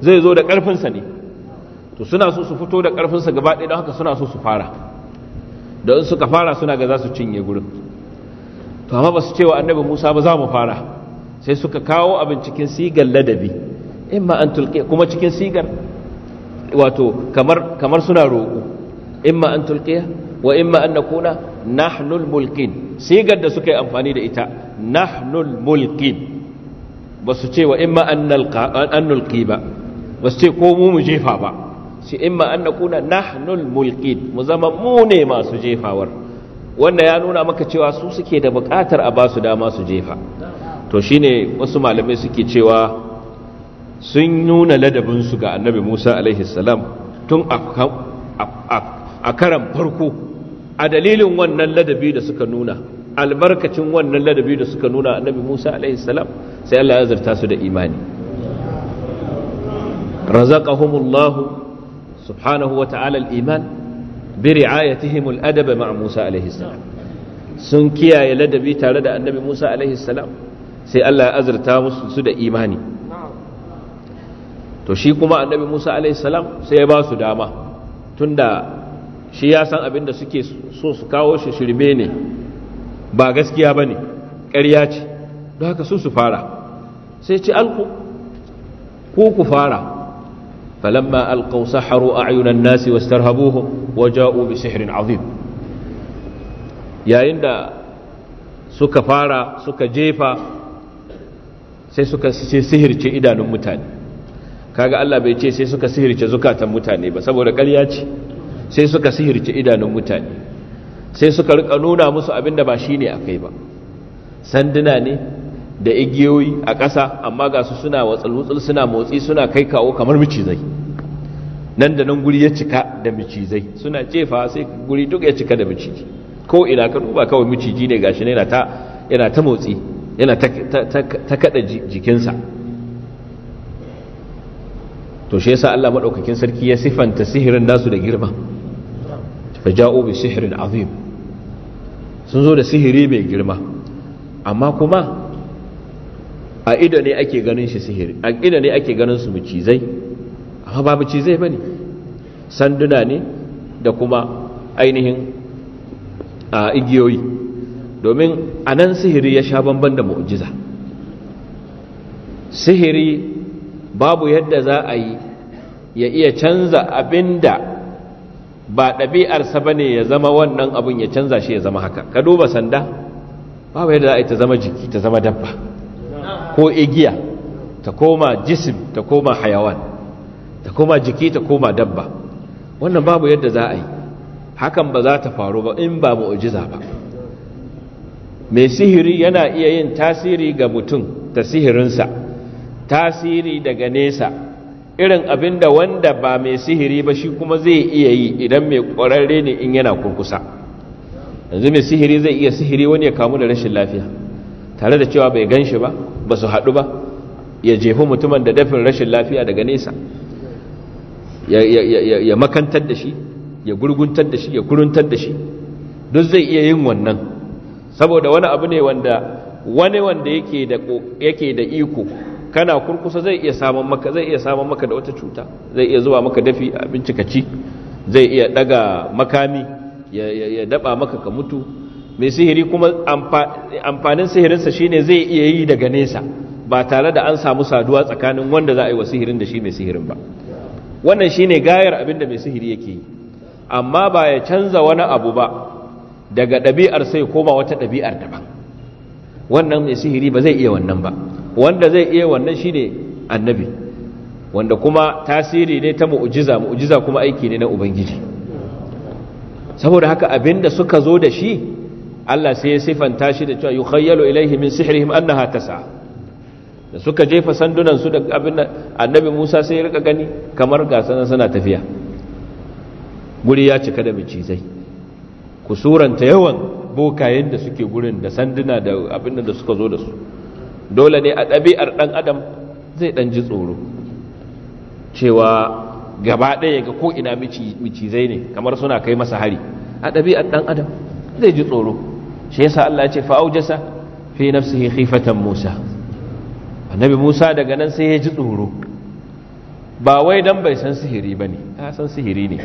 zai zo da ƙarfinsa ne to suna so su fito da ƙarfinsa gaba daya don haka suna so su fara don suka fara suna ga za su cinye gurin to amma ba su cewa annabi musa ba za mu fara sai suka kawo abin cikin sigar ladabi imma an tulke kuma cikin sigar wato kamar suna roƙo imma an tulke wa imma an nakuna nahnul mulkin sigar da suka yi amfani da ita nahnul mulkin ba su ce wa imma an nulki ba ba su ce ko mu mu jefa ba shi imma an nakuna nahnul mulkin mu zama mu ne masu jefawar wanda ya nuna maka cewa su suke da bukatar a ba su dama su jefa to shine wasu malamai suke cewa sun nuna ladabinsu ga annabi musa alaihi salam tun a karan farko a dalilin wannan ladabi da suka nuna albarkacin wannan ladabi da suka nuna annabi musa alaihi salam sai allah ya zarta su da imani razaqahumullahu subhanahu wa ta'ala al-iman bi ri'ayatihim al-adab ma'a musa alaihi salam sun kiyaye ladabi tare da annabi musa alaihi salam sai allah ya azurta musu su da imani to shi kuma annabi Musa alaihi salam sai ya ba su dama tunda shi ya san abin da suke so su kawo shi shirme ne ba gaskiya bane ƙarya ce don haka su su fara sai ci alku ku ku fara فلما ألقوا nasi أعين الناس واسترهبوهم وجاءوا بسحر عظيم yayin da suka fara suka jefa sai suka sihirce idanun mutane kaga Allah bai ce sai suka sihirce zukatan mutane ba saboda ƙarya ce sai suka sihirce idanun mutane sai suka rika nuna musu abin da ba shi ne a kai ba sanduna ne da igiyoyi a ƙasa amma ga su suna watsalwutsul suna motsi suna kai kawo kamar micizai nan da nan guri ya cika da micizai suna cefa sai guri duk ya cika da miciji ko ina ka duba kawai miciji ne gashi ne yana ta motsi yana ta kada jikinsa to shi yasa Allah madaukakin sarki ya sifanta sihirin nasu da girma ja'u bi sihirin azim sun zo da sihiri mai girma amma kuma a ido ne ake ganin shi sihiri a ido ne ake ganin su mucizai amma ba mucizai bane sanduna ne da kuma ainihin a igiyoyi domin anan sihiri ya sha bamban da mu'jiza sihiri babu yadda za a yi ya iya canza abin da ba ɗabi'arsa ba ne ya zama wannan abin ya canza shi ya zama haka ka duba sanda babu yadda za a yi ta zama jiki ta zama dabba ko igiya ta koma jisim ta koma hayawan ta koma jiki ta koma dabba wannan babu yadda za a yi hakan ba za ta faru ba in ba mu'ujiza ba mai sihiri yana iya yin tasiri ga mutum ta sihirinsa tasiri daga nesa irin abinda wanda ba mai sihiri ba shi kuma zai iya yi idan mai ƙwararre ne in yana kurkusa yanzu mai sihiri zai iya sihiri wani ya kamu da rashin lafiya tare da cewa bai gan shi ba ba su haɗu ba ya jefi mutumin da dafin rashin lafiya daga nesa ya makantar da shi ya gurguntar da shi ya kuruntar da shi duk zai iya yin wannan saboda wani abu ne wanda wani wanda yake da iko kana kurkusa zai iya samun maka zai iya samun maka da wata cuta zai iya zuwa maka dafi abinci ka ci zai iya daga makami ya daba maka ka mutu mai sihiri kuma amfanin sihirinsa shine zai iya yi daga nesa ba tare da an samu saduwa tsakanin wanda za a yi wa sihirin da shi mai sihirin ba wannan shine gayar abin da mai sihiri yake yi amma ba ya canza wani abu ba daga ɗabi'ar sai koma wata ɗabi'ar daban wannan mai sihiri ba zai iya wannan ba wanda zai iya wannan shine annabi wanda kuma tasiri ne ta mu'jiza mu'jiza kuma aiki ne na ubangiji saboda haka abinda suka zo da shi Allah sai ya sifanta shi da cewa yukhayyalu ilaihi min sihrihim annaha tas'a da suka jefa sandunan su da annabi Musa sai ya rika gani kamar gasanan suna tafiya guri ya cika da macizai kusuranta yawan bokayen da suke gurin da sanduna da abin da suka zo da su dole ne a ɗabi'ar ɗan adam zai ɗan ji tsoro cewa gaba ɗaya ga ko'ina micizai ne kamar suna kai masa hari a ɗabi'ar ɗan adam zai ji tsoro shi yasa Allah ya ce fa'aujasa fi nafsihi khifatan Musa annabi Musa daga nan sai ya ji tsoro ba wai dan bai san sihiri ba ne. ya san sihiri ne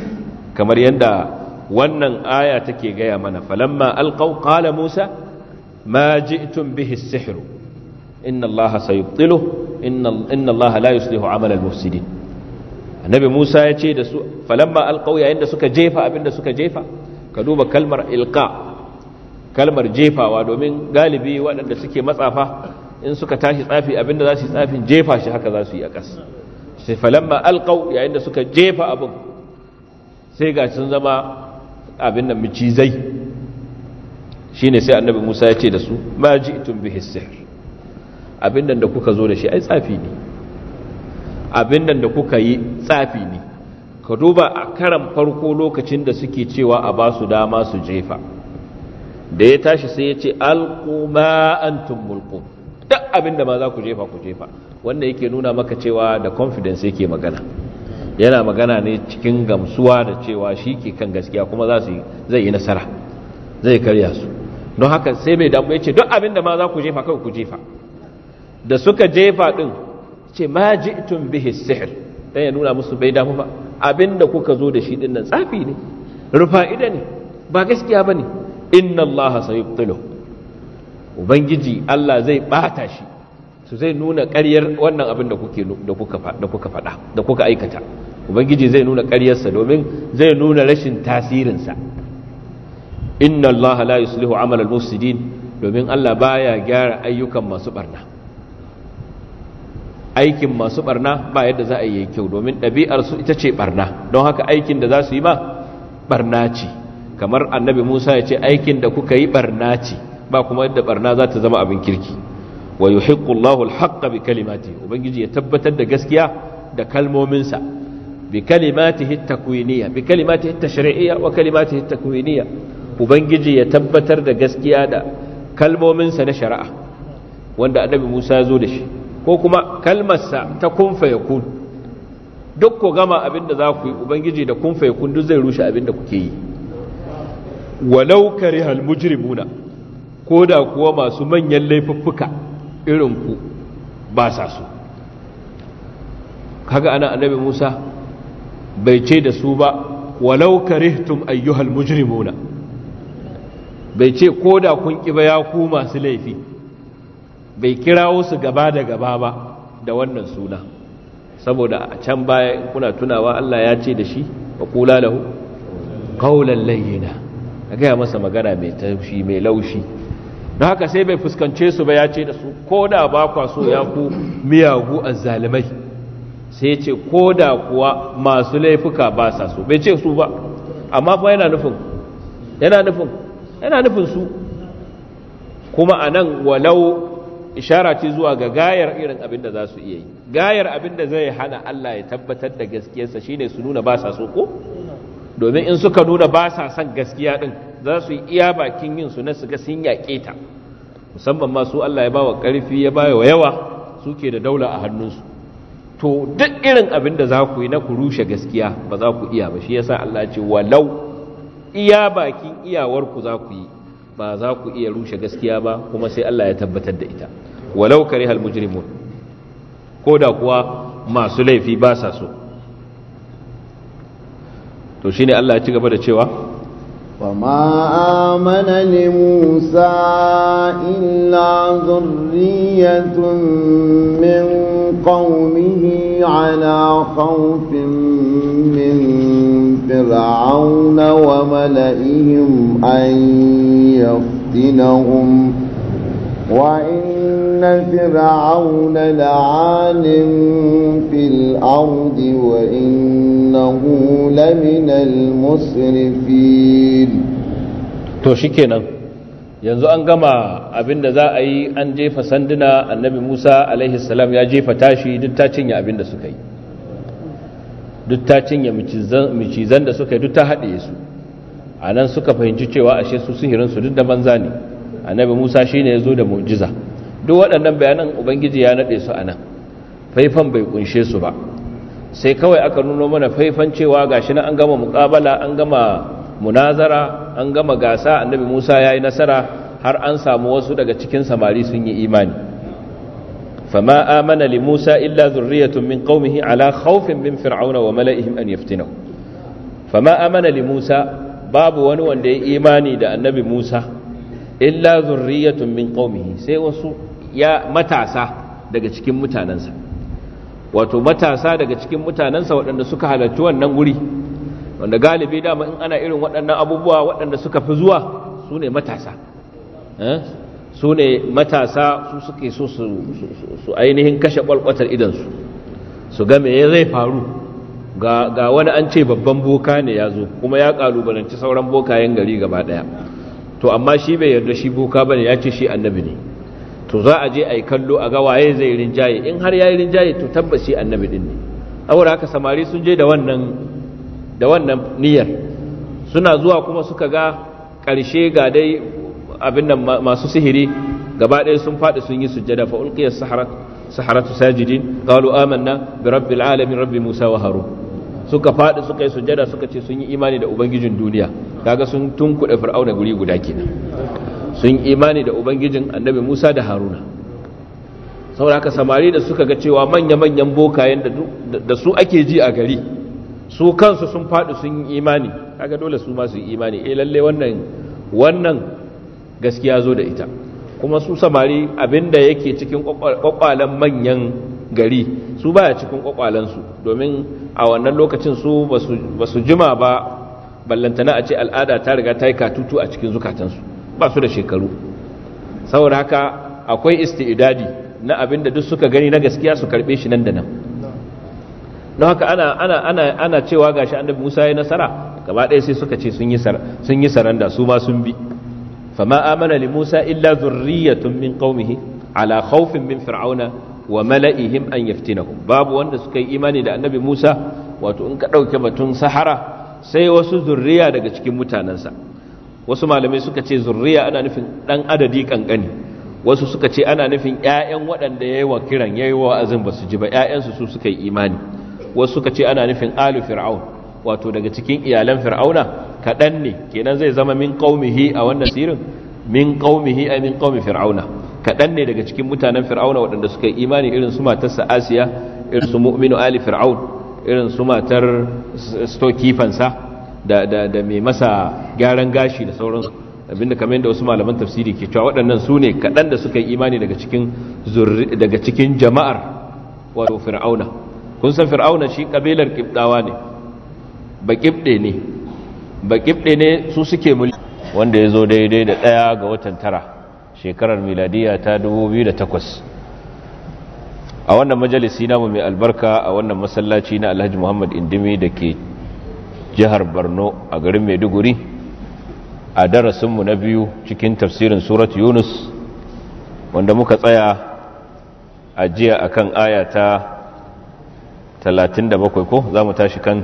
kamar yadda wannan aya take gaya mana falamma alqaw qala Musa ma ji'tum bihi sihru. inna allaha sayubtilu inna allaha la yuslihu amal al-mufsidin annabi Musa ya ce da su falamma alqaw yayin da suka jefa abinda suka jefa ka duba kalmar ilqa kalmar jefawa domin galibi waɗanda suke matsafa in suka tashi tsafi abinda za su yi tsafin jefa shi haka za su yi a ƙas sai falamma alqaw yayin da suka jefa abin sai ga sun zama abin nan micizai shine sai annabi Musa ya ce da su ma ji'tum bihi sihr abinda da kuka zo da shi ai tsafi ne abinda da kuka yi tsafi ne ka duba a karan farko lokacin da suke cewa a ba su dama su jefa da ya tashi sai ya ce alƙuma an tumulku duk abinda ma za ku jefa ku jefa wanda yake nuna maka cewa da confidence yake magana yana magana ne cikin gamsuwa da cewa shi ke kan gaskiya kuma za su zai yi nasara zai karya su don haka sai mai damu ya ce duk abin da ma za ku jefa kawai ku jefa da suka jefa ɗin ce ma tun bihi sihir. dan ya nuna musu bai damu ba abinda kuka zo da shi ɗin nan tsafi ne rufa'ida ne ba gaskiya bane inna allaha sayubtilu ubangiji Allah zai bata shi su zai nuna ƙaryar wannan abin da kuke kuka da kuka faɗa da kuka aikata ubangiji zai nuna ƙaryarsa domin zai nuna rashin tasirinsa inna allaha la yuslihu amal al domin Allah baya gyara ayyukan masu barna aikin masu barna ba yadda za a yi kyau domin ɗabi'arsu ita ce barna don haka aikin da za su yi ma barna ce kamar annabi Musa ya ce aikin da kuka yi barna ce ba kuma yadda barna za ta zama abin kirki wa yuhiqqu Allahu al-haqqa bi kalimati ubangiji ya tabbatar da gaskiya da kalmominsa bi kalimati kalimatihi takwiniya bi kalimati kalimatihi tashri'iyya wa kalimati kalimatihi takwiniya ubangiji ya tabbatar da gaskiya da kalmominsa na shari'a wanda annabi Musa ya zo da shi ko kuma kalmarsa ta kunfa ya kun duk ku gama abin da za ku yi ubangiji da kunfa ya kun duk zai rushe abin da kuke yi walau karihal mujrimuna ko da kuwa masu manyan laifuffuka irin ku ba sa su kaga ana annabi Musa bai ce da su ba walau karihtum ayyuhal mujrimuna bai ce ko da kun kiba ya ku masu laifi bai kirawo su gaba da gaba ba da wannan suna saboda a can baya kuna tunawa Allah ya ce da shi wa kula lahu qawlan layyana a gaya masa magana mai taushi mai laushi na haka sai bai fuskance su ba ya ce da su ko da ba kwa so ya ku miyagu a zalimai sai ce ko da kuwa masu laifuka ba sa so bai ce su ba amma fa yana nufin yana nufin yana nufin su kuma a nan walau ishara ce zuwa ga gayar irin abin da za su iya yi gayar abin da zai hana Allah ya tabbatar da gaskiyarsa shine su nuna ba sa so ko domin in suka nuna ba sa son gaskiya din za su iya bakin yin su na su ga sun yaƙe ta musamman ma su Allah ya ba wa ƙarfi ya ba wa yawa suke da daula a hannunsu to duk irin abin da za ku yi na ku rushe gaskiya ba za ku iya ba shi yasa Allah ya ce walau iya bakin iyawarku za ku yi ba za ku iya rushe gaskiya ba kuma sai Allah ya tabbatar da ita walau karihal mujrimun koda kuwa masu laifi ba sa so to shine Allah ya ci gaba da cewa wa ma amana li musa illa ذرية min qaumihi ala khawfin min فرعون وملئهم أن يفتنهم وإن فرعون لعال في الأرض وإنه لمن المسرفين to shikenan yanzu an gama abinda za a yi an jefa sanduna annabi Musa alaihi salam ya jefa tashi duk ta cinye abinda suka yi duk ta cinye micizan da suka yi duk haɗe su a nan suka fahimci cewa ashe su sihirinsu duk da banza ne annabi musa shi ne ya zo da mu'jiza duk waɗannan bayanan ubangiji ya naɗe su a nan faifan bai kunshe su ba sai kawai aka nuno mana faifan cewa ga shi an gama muƙabala an gama munazara an gama gasa annabi musa ya yi nasara har an samu wasu daga cikin samari sun yi imani fama amana li Musa illa zurriyatun min qaumihi ala khawfin min fir'auna wa mala'ihim an yaftinahu fama amana li Musa babu wani wanda ya yi imani da annabi Musa illa zurriyatun min qaumihi sai wasu ya matasa daga cikin mutanansa wato matasa daga cikin mutanansa waɗanda suka halarci wannan guri wanda galibi dama in ana irin waɗannan abubuwa waɗanda suka fi zuwa su ne matasa eh? su ne matasa su suke so su ainihin kashe kwalkwatar idansu su ga ya zai faru ga wani an ce babban boka ne ya zo kuma ya kalubalanci sauran bokayen gari gaba daya to amma shi bai yarda shi boka ba ne ya ce shi annabi ne to za a je a yi kallo a ga waye zai rinjaye in har ya yi rinjaye to tabbas shi annabi din ne saboda haka samari sun je da wannan niyyar suna zuwa kuma suka ga ƙarshe ga dai abin nan masu sihiri gaba ɗaya sun faɗi sun yi sujjada fa ulqiya saharatu sajidin qalu amanna bi rabbil alamin rabbi musa wa harun suka faɗi suka yi sujjada suka ce sun yi imani da ubangijin duniya kaga sun tunkuɗe fir'auna guri guda kenan sun yi imani da ubangijin annabi musa da haruna saboda haka samari da suka ga cewa manya-manyan bokayen da su ake ji a gari su kansu sun faɗi sun yi imani kaga dole su ma su yi imani eh lalle wannan wannan gaskiya zo da ita kuma su samari abinda yake cikin kwakwalen manyan gari su baya cikin kwakwalensu domin a wannan lokacin su basu jima ba ballantana a ce al'ada ta riga ta yi katutu a cikin zukatansu ba su da shekaru saboda haka akwai isti'idadi na abinda duk suka gani na gaskiya su karbe shi nan da nan na haka ana ana ana ana cewa gashi annabi Musa ya nasara gaba ɗaya sai suka ce sun yi sun yi saranda su ma sun bi fama amana li Musa illa zurriyatun min qaumihi ala khawfin min fir'auna wa mala'ihim an yaftinahum babu wanda suka yi imani da annabi Musa wato in ka dauke batun sahara sai wasu zurriya daga cikin mutanensa. wasu malamai suka ce zurriya ana nufin ɗan adadi kankani wasu suka ce ana nufin ƴaƴan waɗanda yayi wa kiran yayi wa azin basu ji ba 'ya'yansu su suka yi imani wasu suka ce ana nufin alu fir'aun wato daga cikin iyalan fir'auna kaɗan ne kenan zai zama min qaumihi a wannan sirin min qaumihi ay min qaumi fir'auna kaɗan ne daga cikin mutanen fir'auna waɗanda suka yi imani irin su matarsa asiya irin su mu'minu ali fir'aun irin su matar stokifansa da mai masa gyaran gashi da sauransu abinda kamar yadda wasu malaman tafsiri ke cewa waɗannan su ne kaɗan da suka yi imani daga cikin daga cikin jama'ar wato fir'auna kun san fir'auna shi kabilar kibdawa ne ba kibde ne baƙibɗe ne su suke mulki wanda ya zo daidai da ɗaya ga watan tara shekarar miladiya ta 2008 a wannan majalisi namu mai albarka a wannan masallaci na alhaji muhammad indimi da ke jihar borno a garin maiduguri a darasinmu na biyu cikin tafsirin surat yunus wanda muka tsaya a jiya akan aya ta 37 ko za mu tashi kan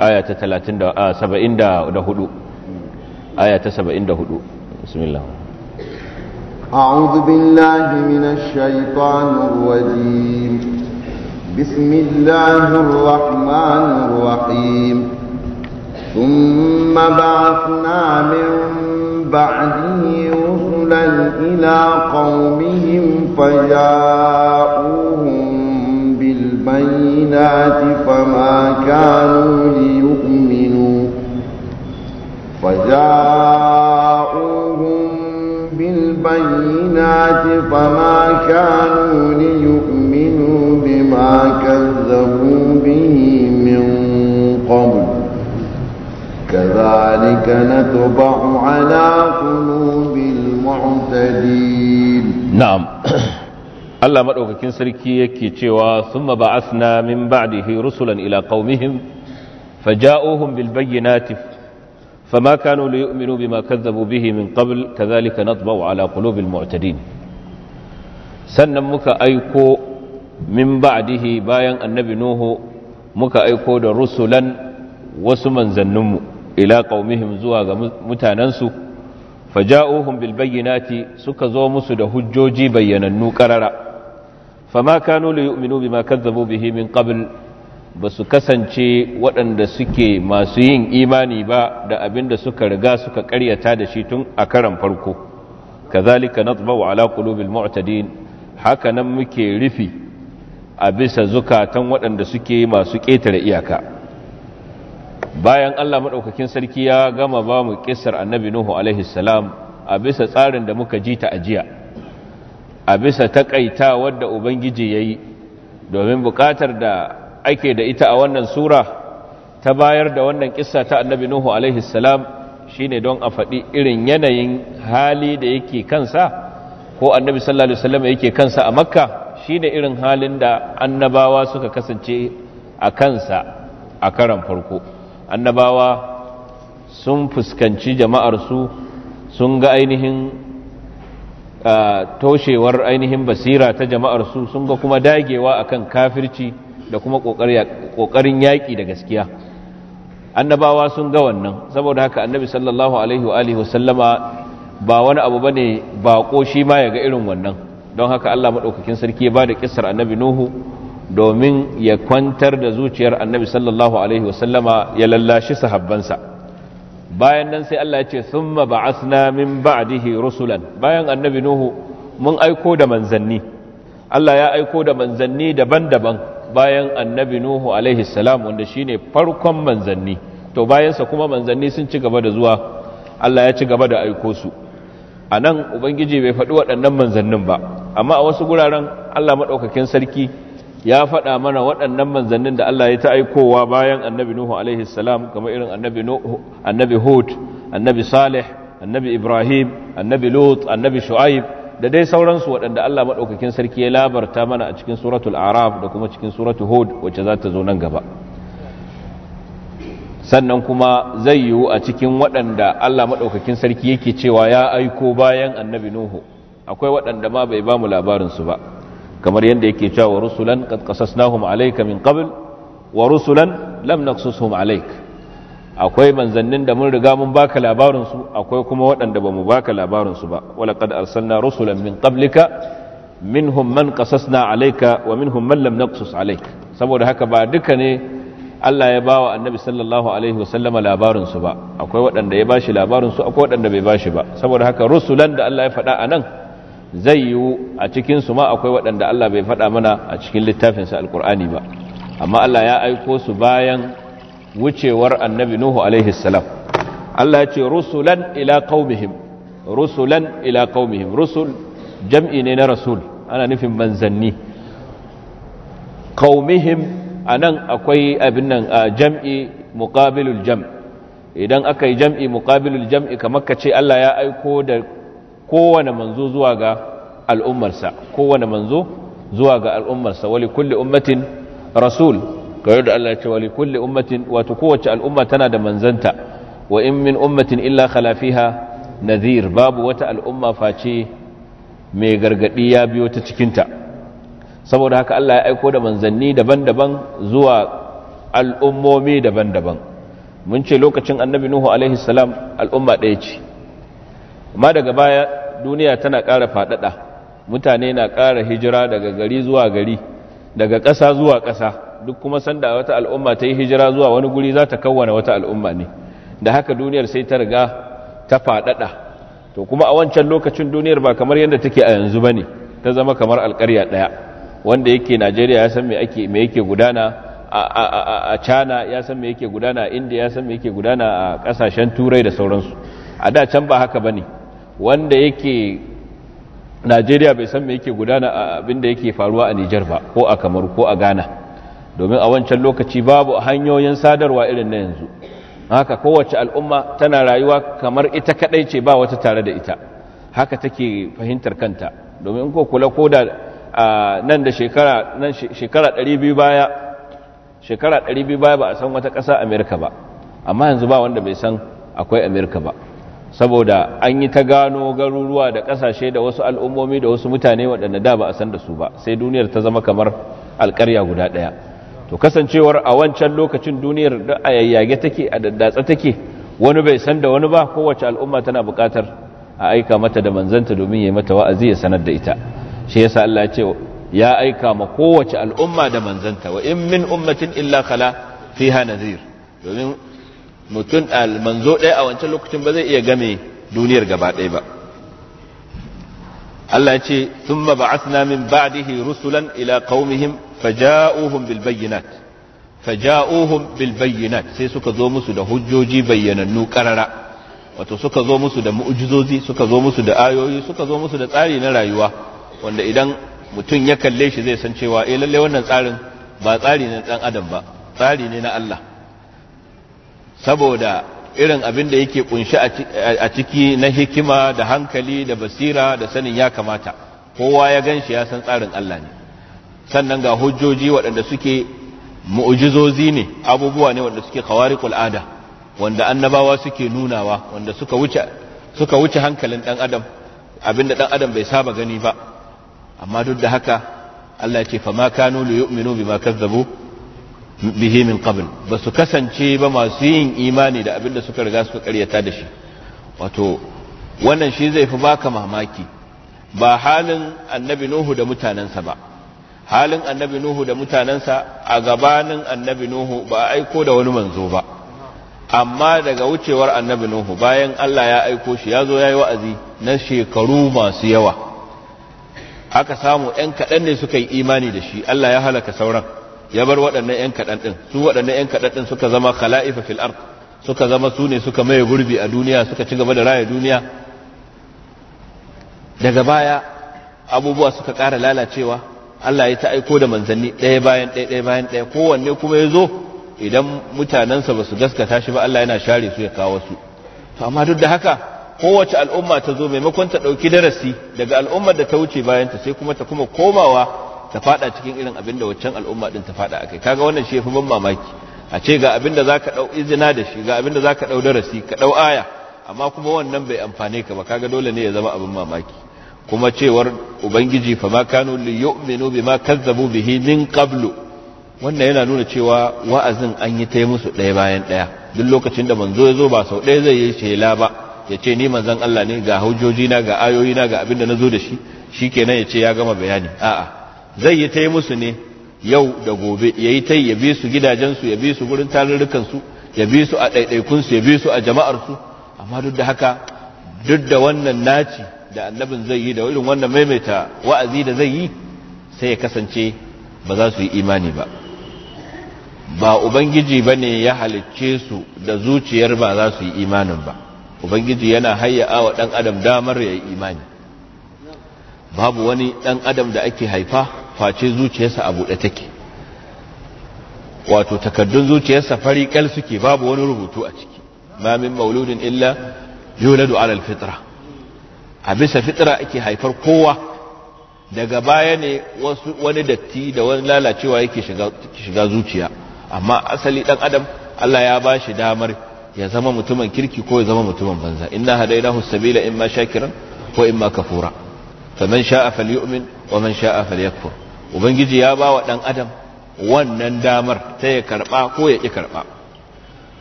aya ta 74 aya ta 74 bismillah أعوذ بالله من الشيطان الرجيم بسم الله الرحمن الرحيم ثم بعثنا من بعده رسلا إلى قومهم فجاءوه بالبينات فما كانوا ليؤمنوا فجاءوهم بالبينات فما كانوا ليؤمنوا بما كذبوا به من قبل كذلك نتبع على قلوب المعتدين نعم Allah maɗaukakin sarki yake cewa sun ba'athna min ba'dihi rusulan ila qaumihim faja'uhum bil bayyinati fama kanu liyu'minu bima kazzabu bihi min qabl kadhalika natba'u ala qulubil mu'tadin sannan muka aiko min ba'dihi bayan annabi nuhu muka aiko da rusulan wasu manzanninmu ila qaumihim zuwa ga mutanansu faja'uhum bil bayyinati suka zo musu da hujjoji bayyanannu qarara fama kanu li yu'minu bima kazzabu bihi min qabl basu kasance waɗanda suke masu yin imani ba da abinda suka riga suka ƙaryata da shi tun a karon farko kazalika natba'u ala qulubil mu'tadin haka nan muke rufi a bisa zukatan waɗanda suke masu ƙetare iyaka bayan Allah madaukakin sarki ya gama bamu mu annabi nuhu alaihi a bisa tsarin da muka ji ta ajiya a bisa takaita wadda ubangiji ya yi domin buƙatar da ake da ita a wannan sura ta bayar da wannan kissa ta annabi nuhu alaihi salam ne don a faɗi irin yanayin hali da yake kansa ko annabi sallallahu alaihi wasallam yake kansa a makka shi ne irin halin da annabawa suka kasance a kansa a karan farko annabawa sun fuskanci jama'arsu sun ga ainihin toshewar ainihin basira ta jama'ar su sun ga kuma dagewa akan kafirci da kuma kokarin yaƙi da gaskiya annabawa sun ga wannan saboda haka annabi sallallahu alaihi wa alihi wasallama ba wani abu bane bako shi ma ya ga irin wannan don haka Allah madaukakin sarki ya bada ƙisar annabi nuhu domin ya kwantar da zuciyar annabi sallallahu alaihi wasallama ya lallashi sahabbansa bayan nan sai Allah ya ce summa ba'asna min ba'dihi rusulan bayan annabi nuhu mun aiko da manzanni Allah ya aiko da manzanni daban-daban bayan annabi nuhu alaihi salam wanda shine farkon manzanni to bayansa kuma manzanni sun ci gaba da zuwa Allah ya ci gaba da aiko su a nan ubangiji bai faɗi waɗannan manzannin ba amma a wasu guraren Allah maɗaukakin sarki ya faɗa mana waɗannan manzannin da Allah ya ta aikowa bayan annabi Nuhu alaihi salam kamar irin annabi Nuhu annabi Hud annabi Salih annabi Ibrahim annabi Lut annabi Shu'aib da dai sauransu waɗanda Allah madaukakin sarki ya labarta mana a cikin suratul Araf da kuma cikin suratul Hud wacce za ta zo nan gaba sannan kuma zai yiwu a cikin waɗanda Allah maɗaukakin sarki yake cewa ya aiko bayan annabi Nuhu akwai waɗanda ma bai ba mu labarin ba kamar yadda yake cewa wa rusulan qad qasasnahum alayka min qabl wa rusulan lam naqsushum alayk akwai manzannin da mun riga mun baka labarin su akwai kuma waɗanda bamu baka labarin su ba wala qad arsalna rusulan min qablika minhum man qasasna alayka wa minhum man lam naqsus alayk saboda haka ba duka ne Allah ya bawa annabi sallallahu alaihi wasallama labarin su ba akwai waɗanda ya bashi labarin su akwai waɗanda bai bashi ba saboda haka rusulan da Allah ya faɗa anan zai yiwu a cikinsu ma akwai waɗanda Allah bai faɗa mana a cikin littafinsa alkur'ani ba amma Allah ya aiko su bayan wucewar annabi Nuhu alaihi salam Allah ya ce rusulan ila qaumihim rusulan ila qaumihim rusul jam'i ne na rasul ana nufin manzanni qaumihim anan akwai abin nan jam'i muqabilul jam' idan aka yi jam'i muqabilul jam'i kamar ka ce Allah ya aiko da kowane manzo zuwa ga al'ummarsa kowane manzo zuwa ga al'ummarsa wali kulle ummatin rasul da Allah ya ce wali kulle ummatin wato kowace al'umma tana da manzanta wa in min ummatin illa khala nazir babu wata al'umma face mai gargadi ya biyo ta cikinta saboda haka Allah ya aiko da manzanni daban-daban zuwa al'ummomi daban-daban mun ce lokacin annabi nuhu alaihi salam al'umma ɗaya ce amma daga baya duniya tana ƙara faɗaɗa mutane na ƙara hijira daga gari zuwa gari daga ƙasa zuwa ƙasa duk kuma sanda wata al'umma ta yi hijira zuwa wani guri za ta kawwana wata al'umma ne da haka duniyar sai ta riga ta faɗaɗa to kuma a wancan lokacin duniyar ba kamar yadda take a yanzu ba ne ta zama kamar alƙarya ɗaya wanda yake najeriya ya san me yake gudana a China ya san me yake gudana a India ya san me yake gudana a ƙasashen turai da sauransu a da can ba haka bane wanda yake najeriya bai san me yake gudana a abinda yake faruwa a nijar ba ko a kamar ko a ghana domin a wancan lokaci babu hanyoyin sadarwa irin na yanzu haka kowace al'umma tana rayuwa kamar ita kadai ce ba wata tare da ita haka take fahimtar kanta domin ko kula ko da nan da shekara nan shekara 200 baya shekara 200 baya ba a san wata ƙasa amerika ba amma yanzu ba wanda bai san akwai amerika ba saboda an yi ta gano garuruwa da kasashe da wasu al'ummomi da wasu mutane waɗanda da ba a san da su ba sai duniyar ta zama kamar alƙarya guda ɗaya to kasancewar a wancan lokacin duniyar da a yayyage take a daddatsa take wani bai san da wani ba kowace al'umma tana buƙatar a aika mata da manzanta domin ya yi mata wa'azi ya sanar da ita shi yasa Allah ce ya aika ma kowace al'umma da manzanta wa in min ummatin illa khala fiha nadhir domin mutum manzo ɗaya a wancan lokacin ba zai iya game duniyar gaba ɗaya ba Allah ya ce ba ba'athna min ba'dihi rusulan ila qaumihim faja'uhum bil bayyinat faja'uhum bil sai suka zo musu da hujjoji bayyanannu karara wato suka zo musu da mu'jizozi suka zo musu da ayoyi suka zo musu da tsari na rayuwa wanda idan mutum ya kalle shi zai san cewa eh lalle wannan tsarin ba tsari ne dan adam ba tsari ne na Allah saboda irin abin da yake kunshi a ciki na hikima da hankali da basira da sanin ya kamata kowa ya gan shi ya san tsarin Allah ne sannan ga hujjoji waɗanda suke mu'ujizozi ne abubuwa ne wanda suke khawariqul ada wanda annabawa suke nunawa wanda suka wuce hankalin dan adam abinda ɗan adam bai saba gani ba amma duk da haka Allah ya ce fa ma kanu li yu'minu bima kazzabu bihi min qabl basu kasance ba masu yin imani da abin da suka riga suka karyata da shi wato wannan shi zai fi baka mamaki ba halin annabi nuhu da mutanansa ba halin annabi nuhu da mutanensa a gabanin annabi nuhu ba a aiko da wani manzo ba amma daga wucewar annabi nuhu bayan Allah ya aiko shi ya zo ya yi wa'azi na shekaru masu yawa aka samu ‘yan kaɗan ne suka yi imani da shi Allah ya halaka sauran ya bar waɗannan 'yan kaɗan ɗin su waɗannan 'yan kaɗan ɗin suka zama khala'ifa fil ard suka zama su ne suka maye gurbi a duniya suka ci gaba da raya duniya daga baya abubuwa suka ƙara lalacewa Allah ya ta aiko da manzanni ɗaya bayan ɗaya ɗaya bayan ɗaya kowanne kuma ya zo idan mutanensa ba su gaskata shi ba Allah yana share su ya kawo su to amma duk da haka kowace al'umma ta zo maimakon ta ɗauki darasi daga al'ummar da ta wuce bayanta sai kuma ta kuma komawa ta fada cikin irin abin da waccan al'umma din ta fada akai kaga wannan shi yafi ban mamaki a ce ga abin da zaka dau izina da shi ga abin da zaka dau darasi ka dau aya amma kuma wannan bai amfane ka ba kaga dole ne ya zama abin mamaki kuma cewar ubangiji fa ma kanu li yu'minu bima kazzabu bihi min qablu wannan yana nuna cewa wa'azin an yi ta musu ɗaya bayan ɗaya duk lokacin da manzo ya zo ba sau ɗaya zai yi shela ba ya ce ni manzon Allah ne ga hujjojina ga ayoyina ga abin da na zo da shi shi shikenan ya ce ya gama bayani a'a zai yi ta yi musu ne yau da gobe ya yi ta ya bi su gidajensu ya bi su gurin tarurrukansu ya bi su a ɗaiɗaikunsu ya bi su a jama'arsu amma duk da haka duk da wannan naci da annabin zai yi da irin wannan maimaita wa'azi da zai yi sai ya kasance ba za su yi imani ba ba ubangiji ba ne ya halicce su da zuciyar ba za su yi imanin ba ubangiji yana hayya'a wa ɗan adam damar ya yi imani babu wani ɗan adam da ake haifa face zuciyarsa a buɗe take wato takardun zuciyarsa fari ƙal suke babu wani rubutu a ciki ma min mauludin illa yuladu ala alfitra a bisa fitra ake haifar kowa daga baya ne wasu wani datti da wani lalacewa yake shiga zuciya amma asali ɗan adam Allah ya ba shi damar ya zama mutumin kirki ko ya zama mutumin banza inna hadainahu sabila imma shakiran ko imma kafura faman sha'a falyu'min wa man sha'a falyakfur ubangiji ya ba wa adam wannan damar ta ya karba ko ya ki karba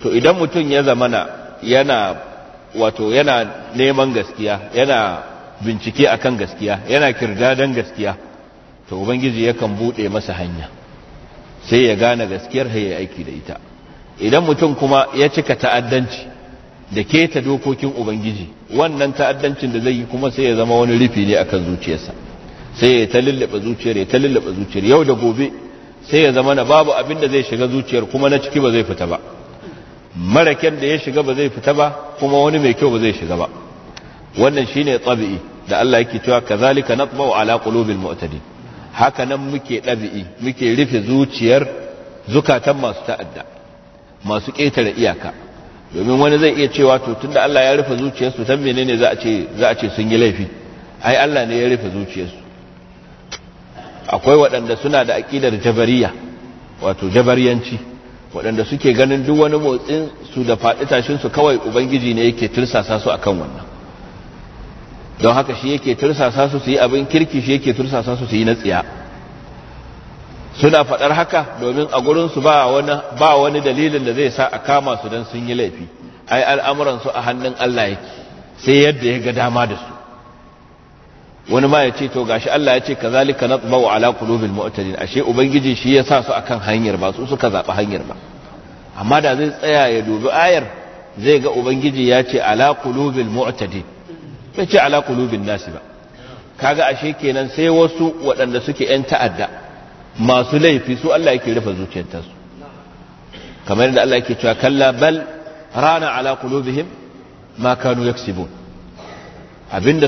to idan mutum ya zamana yana wato yana neman gaskiya yana bincike akan gaskiya yana kirdadan gaskiya to ubangiji yakan bude masa hanya sai ya gane gaskiyar haye aiki da ita idan mutum kuma ya cika ta'addanci da keta dokokin ubangiji wannan ta'addancin da zai yi kuma sai ya zama wani rufi ne akan zuciyarsa sai ya ta lullaba zuciyar ya ta lullaba zuciyar yau da gobe sai ya zama na babu abin da zai shiga zuciyar kuma na ciki ba zai fita ba maraken da ya shiga ba zai fita ba kuma wani mai kyau ba zai shiga ba wannan shine tabi'i da Allah yake cewa kazalika natba'u ala qulubil mu'tadin haka nan muke dabi'i muke rufe zuciyar zukatan masu ta'adda masu ƙetare iyaka domin wani zai iya cewa to tunda Allah ya rufe zuciyarsu tan menene za a ce za a ce sun yi laifi ai Allah ne ya rufe zuciyarsu akwai waɗanda suna da aqidar jabariya wato jabariyanci waɗanda suke ganin duk wani motsin su da faɗi tashin su kawai ubangiji ne yake tursasa su akan wannan don haka shi yake tursasa su su yi abin kirki shi yake tursasa su su yi na tsiya suna faɗar haka domin a gurinsu ba wani ba wani dalilin da zai sa a kama su dan sun yi laifi ai al'amuran su a hannun Allah yake sai yadda ya ga dama da su wani ma ya ce to gashi Allah ya ce kazalika natba'u ala qulubil mu'tadin ashe ubangiji shi ya sa su akan hanyar ba su suka zaɓi hanyar ba amma da zai tsaya ya dubi ayar zai ga ubangiji yace ce ala qulubil mu'tadin bai ce ala qulubil nasi ba kaga ashe kenan sai wasu waɗanda suke yan ta'adda masu laifi su Allah yake rufe zuciyar kamar yadda Allah yake cewa kalla bal rana ala qulubihim ma kanu yaksibun abinda